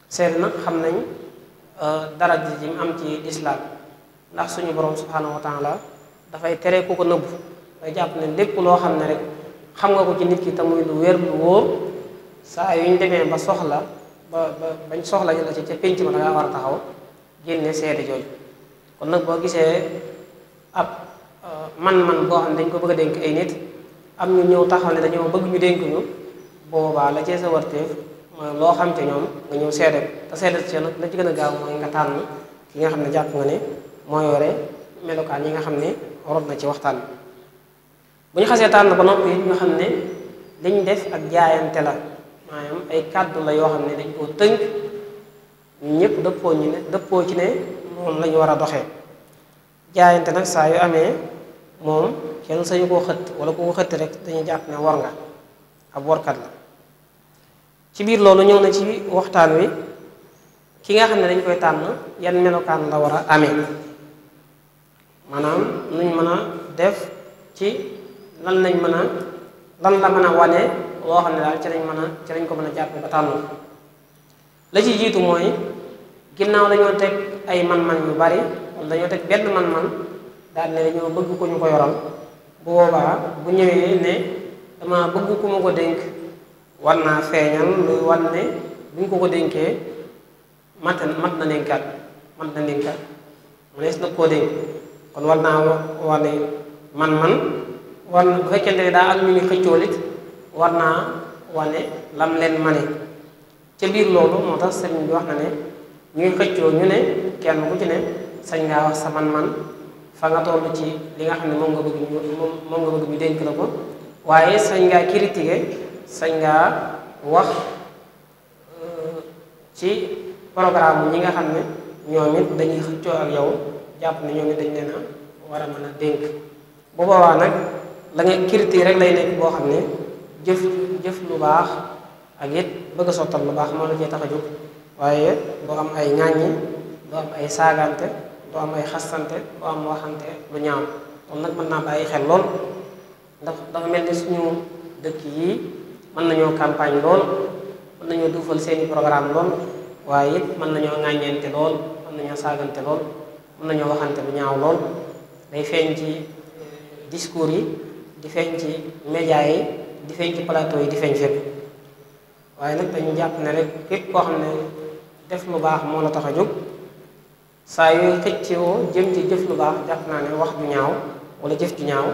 seede nag xam nañ euh, dara di ji am ci islaam ndax suñu borom subhanahu wa taala dafay tere ku ko nëbbu day jàpp ne lépp loo xam ne rek xam nga ko ci nit ki te muy lu wér lu wóor saa yu ñu demee ba soxla ba ba bañ soxla ñu la ca pénc ma da ngaa war a taxaw génne seede jooju kon nag boo gisee ab euh, man-man boo xam ne dañ ko bëgg a dénk ay nit am ñu ñëw taxaw ne dañoo bëgg ñu dénk ñu boobaa la cee sa warteef mooy loo xam te ñoom nga ñëw seede te seede ci nag la ci gën a gaaw mooy nga tànn ki nga xam ne jàpp nga ne moo yore melokaan yi nga xam ne rot na ci waxtaan bi bu ñu xasee tànn ba noppi ñu xam ne liñ def ak jaayante la maanaam ay kàddu la yoo xam ne dañ koo tënk ñu ñëpp dëppoo ñu ne dëppoo ci ne moom lañu war a doxe jaayante nag saa yu amee moom kenn sañu koo xëtt wala ku ko xëtt rek dañu jàpp ne war nga ab workat la ci biir loolu ñëw na ci waxtaan wi ki nga xam ne dañ koy tànn yan melokaan la war a amee maanaam nuñ mën a def ci lan lañ mën a lan la mën a wane loo xam ne daal ci lañ mën a ci lañ ko mën a jàpp ba tànn la ci jiitu mooy ginnaaw dañoo teg ay man-man yu bari wala dañoo teg benn man-man daal ne dañoo bëgg ko ñu ko yoral bu boobaa bu ñëwee ne dama bëgg ku ma ko dénk war naa feeñal luy wan bu ñu ko ko dénkee mat mat na dénkaat mat na dénkaat mu nees nag koo dénk kon war wane man-man war na bu fekkente ne daa am ñu ni xëccool it war naa wane lam leen mane ca biir loolu moo tax sëriñ bi wax na ne ñuy xëccoo ñu ne kenn ku ci ne sañ ngaa wax sa man-man fa nga toll ci li nga xam ne moom nga bëgg ñu dénk la ko waaye sañ ngaa critiquer sañ ngaa wax euh, ci programme ñi nga xam ne ñoom it dañuy xëccoo ak yow jàpp ne ñoom it dañ leen a war a mën a dénk bu boobaa nag la nga critique rek lay nekk boo xam ne jëf jëf lu baax ak it bëgg a sottal lu baax moo la cee tax a jóg waaye doo am ay ŋàññi doo am ay saagante doo am ay xastante doo am waxante lu ñaaw kon nag mën naa bàyyi xel lool ndax dafa mel ni suñu dëkk yii mën nañoo campagne lool mën nañoo duufal seeni programme lool waaye it mën nañoo ŋàññeente lool mën nañoo saagante lool mën nañoo waxante lu ñaaw lool feeñ ci eh, discours yi di feeñ ci média yi di feeñ ci plateau yi di feeñ fépp waaye nag dañ jàpp ne rek koo xam ne def lu baax moo la tax a jóg saa yooyu xëccewoo jëm ci jëf lu baax jàpp naa ne wax ju ñaaw wala jëf ju ñaaw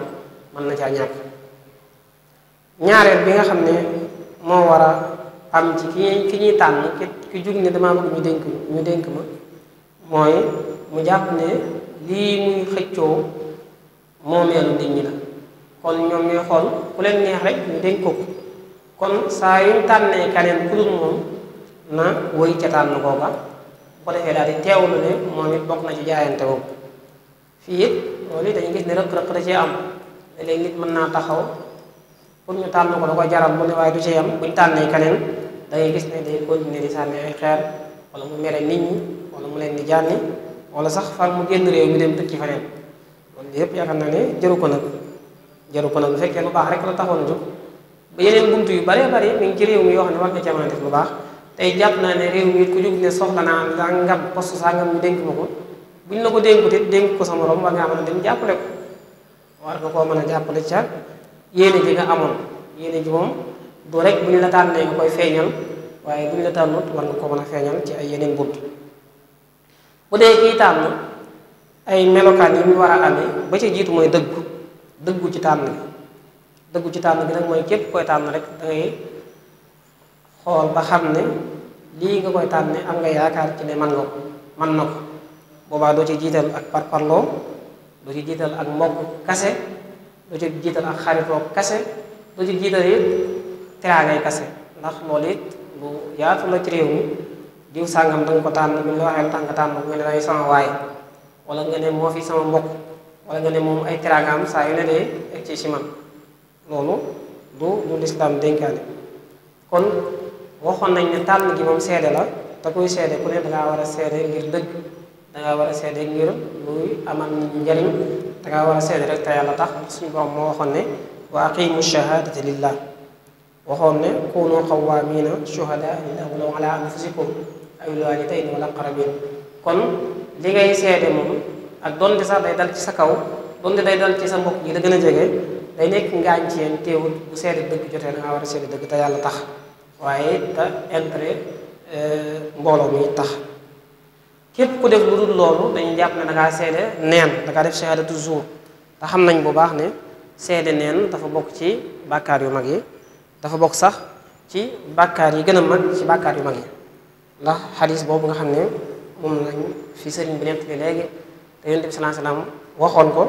mën na caa ñàkk ñaareel bi nga xam ne moo war a am ci ki ki ñuy tànn ki jug ne damaa bëgg ñu dénk ñu dénk ma mooy mu jàpp ne lii muy xëccoo moomeelu nit ñi la kon ñoom ñooy xool ku leen neex rek ñu dénk ko kon saa yu ñu tànnee keneen ku moom na wëy ca tànn booba bu ko defee daal di teewlu ne moom it bokk na ci jaayante boobu fii it loolu it dañuy gis ne rëq am ne mën naa taxaw pour ñu tànn ko da koy jaral mu ne waaye du cee am bu ñu tànnee keneen da gis ne day continuer di sànni ay xeer wala mu mere nit ñi wala mu leen di jànni wala sax far mu génn réew mi dem tukki feneen loolu yëpp yaakaar naa ne jëru ko nag. jaru ko lu fekkee lu baax rek la taxoon a ba yeneen bunt yu bare bare mi ngi ci réew mi yoo xam ne war nga cee mën a def lu baax tey jàpp naa ne réew mi it ku jóg ne soxla naa sàngam poste sàngam ma ko buñ la ko dénkut it dénk ko sa morom war ngaa mën a dem jàppale ko war nga mën a jàppale ca yéene ji nga amoon yéene ji moom du rek buñ la tànnee nga koy feeñal waaye buñ la tànnut war nga koo mën a feeñal ci ay yeneen bunt bu dee kii tànn ay melokaan yi mu war a amee ba ca jiitu mooy dëgg dëggu ci tànn bi dëggu ci tànn bi nag mooy képp koy tànn rek da xool ba xam ne lii nga koy tànne am nga yaakaar ci ne man nga ko man na ko boobaa doo ci jiital ak parparloo doo ci jiital ak mbokk kase doo ci jiital ak xaritoo kase ci jiital it teraangay kase ndax loolu it lu yaatu la ci réew mi diw sàngam da ko tànn bi nga waxee lu tax nga tànn nga ne day sama waay wala nga ne moo fi sama mbokk wala nga ne moom ay teraangaam saa yu ne dee egg ci man loolu du du lislaam dénkaane kon waxoon nañ ne tànn gi moom seede la te kuy seede ku ne dangaa war a seede ngir dëgg dangaa war a seede ngir luy amal nit njariñ dangaa war a seede rek te yàlla tax suñu borom moo waxoon ne wa aqimu shahadata lillah waxoon ne kunu qawamina shuhadaa lillahi walaw ala anfusikum aw lil walidayni wal aqrabin kon li ngay seede moom ak donte sax day dal ci sa kaw donte day dal ci sa mbokk yi la gën a jege day nekk ngaañ ci yéen teewul bu seede dëgg jotee da ngaa war a seede dëgg te yàlla tax waaye te intérêt euh, mbooloo mi tax képp ku def lu dul loolu dañuy jàpp ne da ngaa neen da ngaa def shahadatu zuur te xam nañ bu baax ne seede neen dafa bokk ci bakkaar yu mag yi dafa bokk sax ci bàkkaar yi gën a mag ci bàkkaar yu mag yi ndax xadis boobu nga xam ne moom lañ fi sëriñ bi nekk léegi yonent bi sallallahu alayhi waxoon ko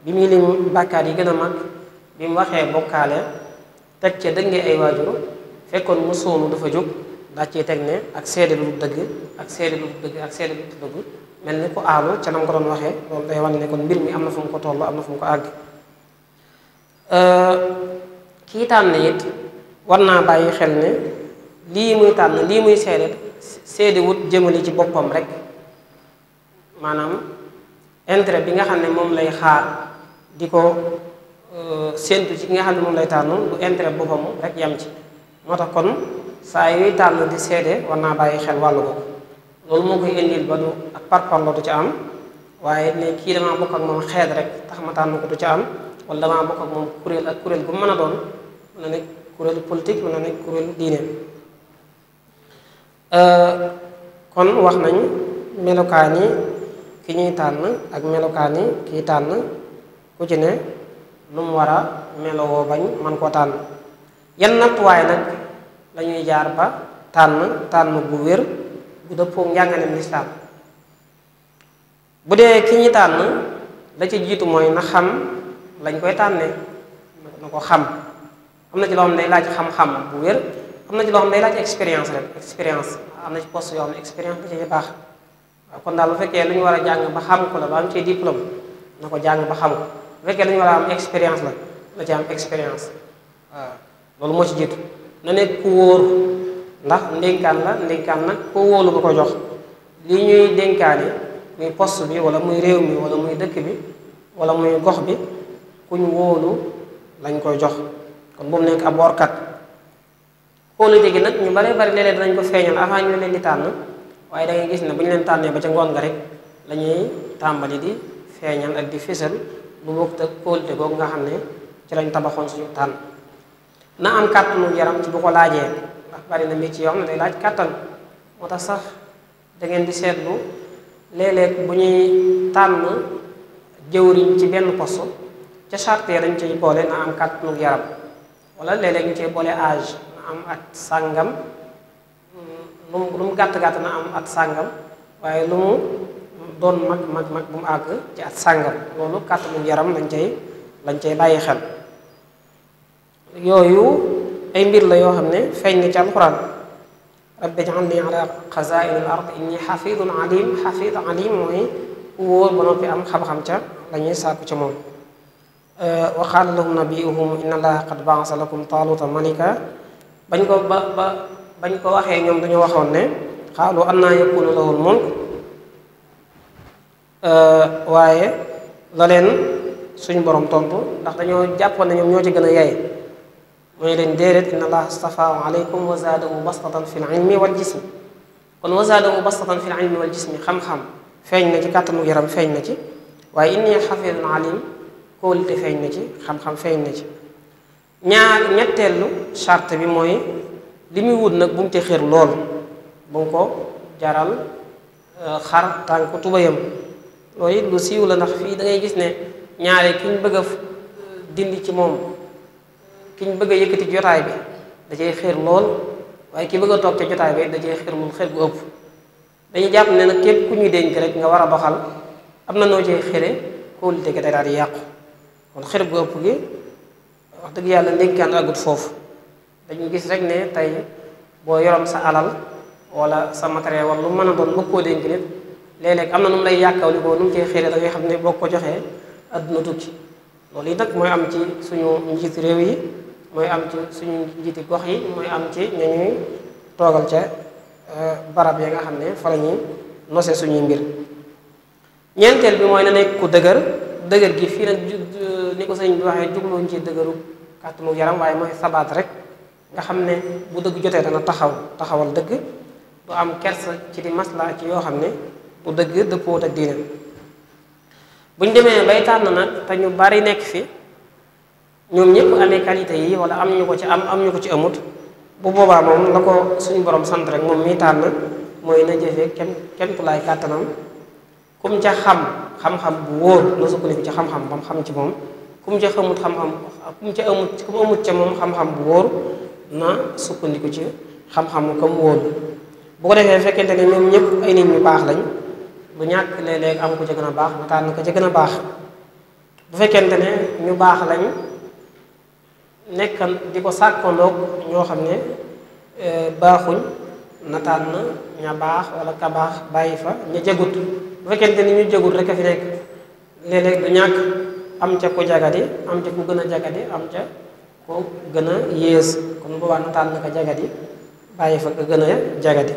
bi muy lim bàkkaar yi gën a mag bi mu waxee bokkaale teg ca dëgg nga ay waajur fekkoon mu sóonu dafa jóg daa cee teg ne ak seede lu dëgg ak seede lu dëgg ak seede dëgg mel ni ku aalu ca na ko doon waxee loolu day wane ne kon mbir mi am na fu mu ko toll am na fu mu ko àgg euh, kii tànn yit war naa bàyyi xel ne lii muy tànn lii muy seede seede wut jëmale ci boppam rek maanaam intérêt bi nga xam ne moom lay xaar di ko euh, séentu ci ki nga xam ne moom lay tànn du intérêt boppam rek yam ci moo tax kon saa yooyu tànn di seede war naa bàyyi xel wàllu boobu loolu moo koy indil ba du ak parparloo du ca am waaye ne kii damaa bokk ak moom xeet rek tax ma tànn ko du ca am wala damaa bokk ak moom kuréel ak kuréel gu mën a doon mën na nekk kuréelu politique mën na nekk kuréelu diine euh, kon wax nañ melokaan yi ki ñuy tànn ak melokaani kii tànn ku ci ne lu mu war a melowoo bañ man koo tànn yan nattuwaay nag lañuy jaar ba tànn tànn bu wér bu dëppoo njàngaleem lislaam bu dee ki ñuy tànn la ci jiitu mooy na xam lañ koy tànnee na ko xam am na ci loo xam ne day laaj xam-xam bu wér am na ci loo xam ne day laaj expérience rek expérience am na ci poste yoo xam ne expérience da ci baax waaw kon daal bu fekkee lu ñu war a jàng ba xam ko la ba am ci diplôme na ko jàng ba xam ko bu fekkee lu ñu war a am expérience la na ci am expérience waaw ah. loolu moo ci jiitu na nekk ku wóor ndax ndénkaan la ndénkaan nag ko wóolu nga ko jox li ñuy dénkaane muy post bi wala muy réew mi wala muy dëkk bi wala muy gox bi kuñ wóolu lañ koy jox kon bu mu nekk ab workat kóolute gi nag ñu bare bari léeg-léeg danañ ko feeñal avant ñu leen di tànn waaye da ngay gis ne bu ñu leen tànnee ba ca ngoon nga rek lañuy tàmbali di feeñal ak di fésal lu bokkut ak kóolute googu nga xam ne ci lañ tabaxoon suñu tànn na am kàttanu yaram ci bu ko laajee ndax bari na métier ci yoon ne day laaj kàttan moo tax sax da ngeen di seetlu léeg bu ñuy tànn jëwriñ ci benn poste ca charte dañ ciy boole na am kàttanu yaram wala léeg ñu cee boole âge na am at sàngam lu mu lu mu gàtt gàtt na am at sàngam waaye lu mu doon mag mag mag bu mu àgg ci at sàngam loolu kàttanu yaram lañ cay lañ cay bàyyi xel yooyu ay mbir la yoo xam ne feeñ na ci alxuraan rabbi ij'alni ala xazaa'in alim mooy wóor ba noppi am xam-xam ca la ñuy sàkku ca moom euh, wa qaala lahum nabiyuhum inna allaha qad ba'asa lakum taaluta malika bañ ko waxee ñoom dañoo waxoon ne xaalu am naa yakunu lahul mulk euh, waaye la leen suñ borom tontu ndax dañoo jàppoon ne ñoom ñoo ci gën a yaay mooy leen déedéet inna allaha astafaa alaykum wa zaadahu bastatan fil ilmi wal jismi kon wa zaadahu bastatan fil ilmi wal jismi feeñ na ci kàttanu yaram feeñ na ci waaye inni xafidun alim kóolute feeñ na ci xam-xam feeñ na ci ñaar ñetteelu charte bi mooy li muy wut nag bu mu ci xir lool bu mu ko jaral euh, xar tànk tubayam loolu it lu siiw la ndax fii dangay gis ne ñaare ki ñu bëgg a euh, dindi ci moom ki ñu bëgg a yëkkati jotaay bi da cay xir lool waaye ki bëgg a toog ca jotaay bi da cay xir lool gu ëpp dañuy jàpp ne nag képp ku ñuy dénk rek nga war a baxal am na noo cee xire kóolute gi day daal di yàqu kon xir gu ëpp gi wax dëgg yàlla ndénkaan àggut foofu dañuy gis rek ne tey boo yoroon sa alal wala sa matériel wala lu mën a doon bëgg ko dénk nit léeg-léeg am na nu mu lay yàkkaw li ko nu mu cee xëy da xam ne boo ko joxee adduna tukki loolu yi nag mooy am ci suñu njiit réew yi mooy am suñu njiiti gox yi mooy am ci ñu ñuy toogal ca euh, barab ya nga xam ne fa la ñuy suñuy mbir ñeenteel bi mooy na nekk ku dëgër dëgër gi fii nag ni ko sëñ bi waxee jubluñ ci dëgëru kàttanu yaram waaye mooy sabaat rek nga xam ne bu dëgg jotee dana taxaw taxawal dëgg du am kersa ci di maslaa ci yoo xam ne bu dëgg dëppoot ak diine bu demee bay tànn nag te ñu bari nekk fi ñoom ñëpp amee qualité yi wala am ñu ko ci am am ñu ko ci amut bu boobaa moom la ko suñu borom sant rek moom mi tànn mooy na jëfee kenn kenn ku laay kàttanam kum ca xam xam-xam bu wóor la sukkandiku ci xam-xam bam xam ci moom kum ca xamut xam-xam kum ca amut kum amut ca moom xam-xam bu wóor na sukkandiku ci xam-xam comme wóolu bu ko defee fekkente ne ñoom ñëpp ay nit ñu baax lañ bu ñàkk léeg-léeg am ko ci gën a baax mu tànn ko ci gën a baax bu fekkente ne ñu baax lañ nekkal di ko sàkkandoog ñoo xam ne eh, baaxuñ nataan ña baax wala ka baax bàyyi fa ña jagut bu fekkente ni ñu jagut rek a fi nekk léeg-léeg du ñàkk am ca ku jagadi am ca ku gën a jagadi am ca ko gën a yées kon boobaa nu tànn ko jagati bàyyi fa ko gën a jagati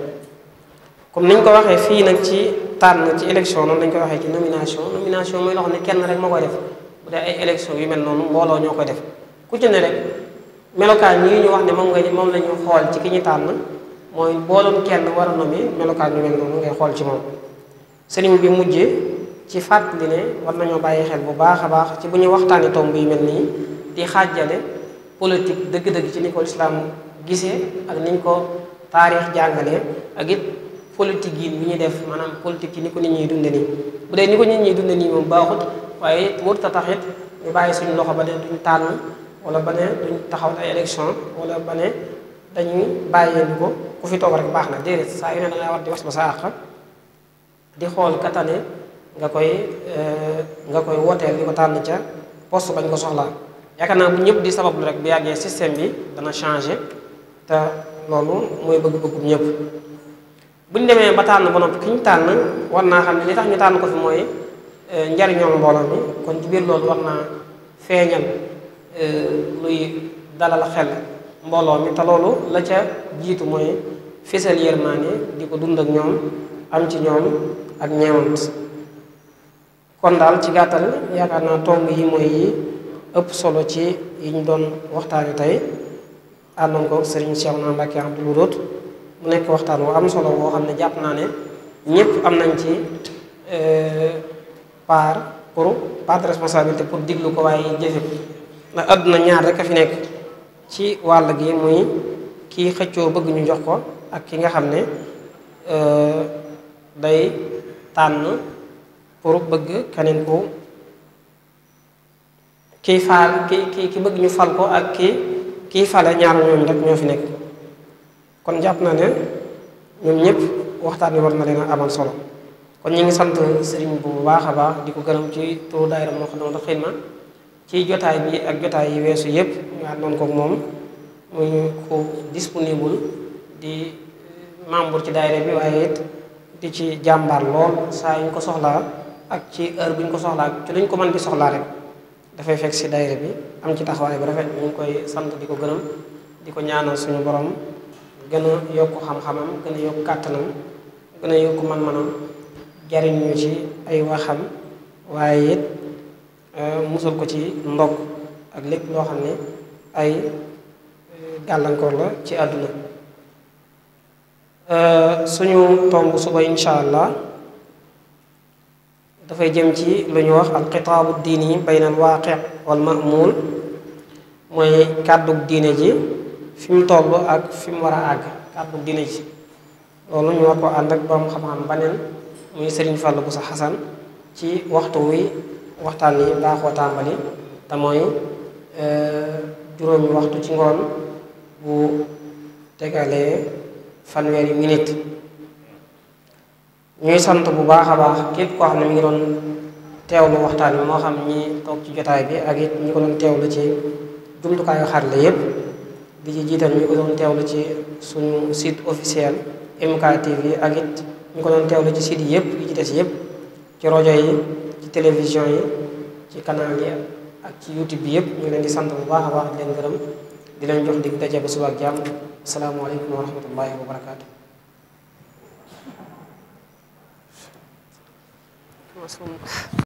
comme niñ ko waxee fii nag ci tànn ci élection noonu lañ koy waxee ci nomination nomination mooy loo ne kenn rek moo koy def bu yu mel noonu mbooloo ñoo koy def ku rek melokaan yi ñu wax ne moom nga moom la ñu xool ci ki ñu tànn mooy booloon kenn war a nomi melokaan yu mel noonu ngay xool ci moom sëriñ bi mujjee ci fàttali ne war nañoo bàyyi xel bu baax a baax ci bu ñuy waxtaanee tomb yu mel nii di xaajale politique dëgg-dëgg ci ni ko lislaam gisee ak niñ ko taarix jàngale ak it politique yi bi ñu def maanaam politique yi ni ko nit ñuy dunde nii bu dee ni ko nit ñuy dunde nii moom baaxut waaye warut a tax it ñu bàyyi suñu loxo ba ne duñ tànn wala ba ne duñ taxaw ay élection wala ba ne dañuy bàyyee ko ku fi toog rek baax na déedéet saa yu ne da ngaa war di wax sa àq di xool katane nga koy euh, nga koy wooteel di ko tànn ca post bañ ko soxla yaakaar naa bu ñëpp di sabablu rek bu yàggee système bi dana changé te loolu mooy bëgg-bëggu ñëpp bu demee ba tànn ba noppi ki ñu tànn war naa xam ne li tax ñu tànn ko fi mooy euh, njariñoom mbooloo mi kon ci loolu war naa feeñal euh, luy dalal xel mbooloo mi te la ca jiitu mooy fisal yërmaane di ko dund ak ñoom am ci ñoom ak kon daal ci gàttal yaakaar naa tomb yi mooy ëpp solo ci yi ñu doon waxtaani tey àndoon ko sëriñ Cheikhouna Mbacké Abdoul mu nekk waxtaan wu am solo woo xam ne jàpp naa ne ñëpp am nañ ci euh, part pour part de responsabilité pour diglu ko waaye jëfe ko ndax àdduna ñaar rek a fi nekk ci wàll gi muy kii xëccoo bëgg ñu jox ko ak ki nga xam ne euh, day tànn pour bëgg keneen ko kii faal ki ki bëgg ñu fal ko ak kii kii fale ñaar ñooñu rek ñoo fi nekk kon jàpp na ne ñoom ñëpp waxtaan wi war na leen a amal solo kon ñu ngi sant sëriñ bu baax a baax di ko gërëm ci turu daayira Moukhaddamatoul Khidma ci jotaay bi ak jotaay yi weesu yëpp ko moom muy ku disponible di membre ci daayira bi waaye di ci jàmbaar lool saa yu ñu ko soxlaa ak ci heure bu ñu ko soxlaa ci lu ñu ko mën di soxlaa rek. dafay fekk si daayira bi am ci taxawaay bu rafet ñu ngi koy sant di ko gërëm di ko ñaanal suñu borom gën a yokk xam-xamam gën a yokk kàttanam gën a yokk man-manam jariñ ñu ci ay waxam waaye it euh, musal ko ci ndog ak lépp loo xam ne ay euh, gàllankoor la ci àdduna euh, suñu tomb suba incha allah dafay jëm ci lu ñu wax ak alxitaabu diini bayna alwaaqi wal ma'muul mooy kàddu diine ji fi mu toll ak fi mu war a àgg kàddu diine ji loolu ñu war ko ànd ak borom xam-xam baneen muy Sëriñ Fàllu bu sa xasan ci waxtu wi waxtaan yi laaxoo tàmbali te mooy euh, juróomi waxtu ci ngoon bu tegalee yi minute ñuy sant bu baax a baax képp koo xam ne mu ngi doon teewlu waxtaan bi moo xam ñi toog ci jotaay bi ak it ñi ko doon teewlu ci jumtukaayu xarala yépp di ci jiital ñi ko doon ci suñu site officiel MK TV ak it ñu ko doon teewlu ci site yépp yi ci des yépp ci rajo yi ci télévision yi ci canal yi ak ci YouTube bi yépp ñu leen di sant bu baax a baax di leen gërëm di leen jox dig daje ba suba ak jàmm asalaamaaleykum wa rahmatullahi wa barakaatu. مسلوم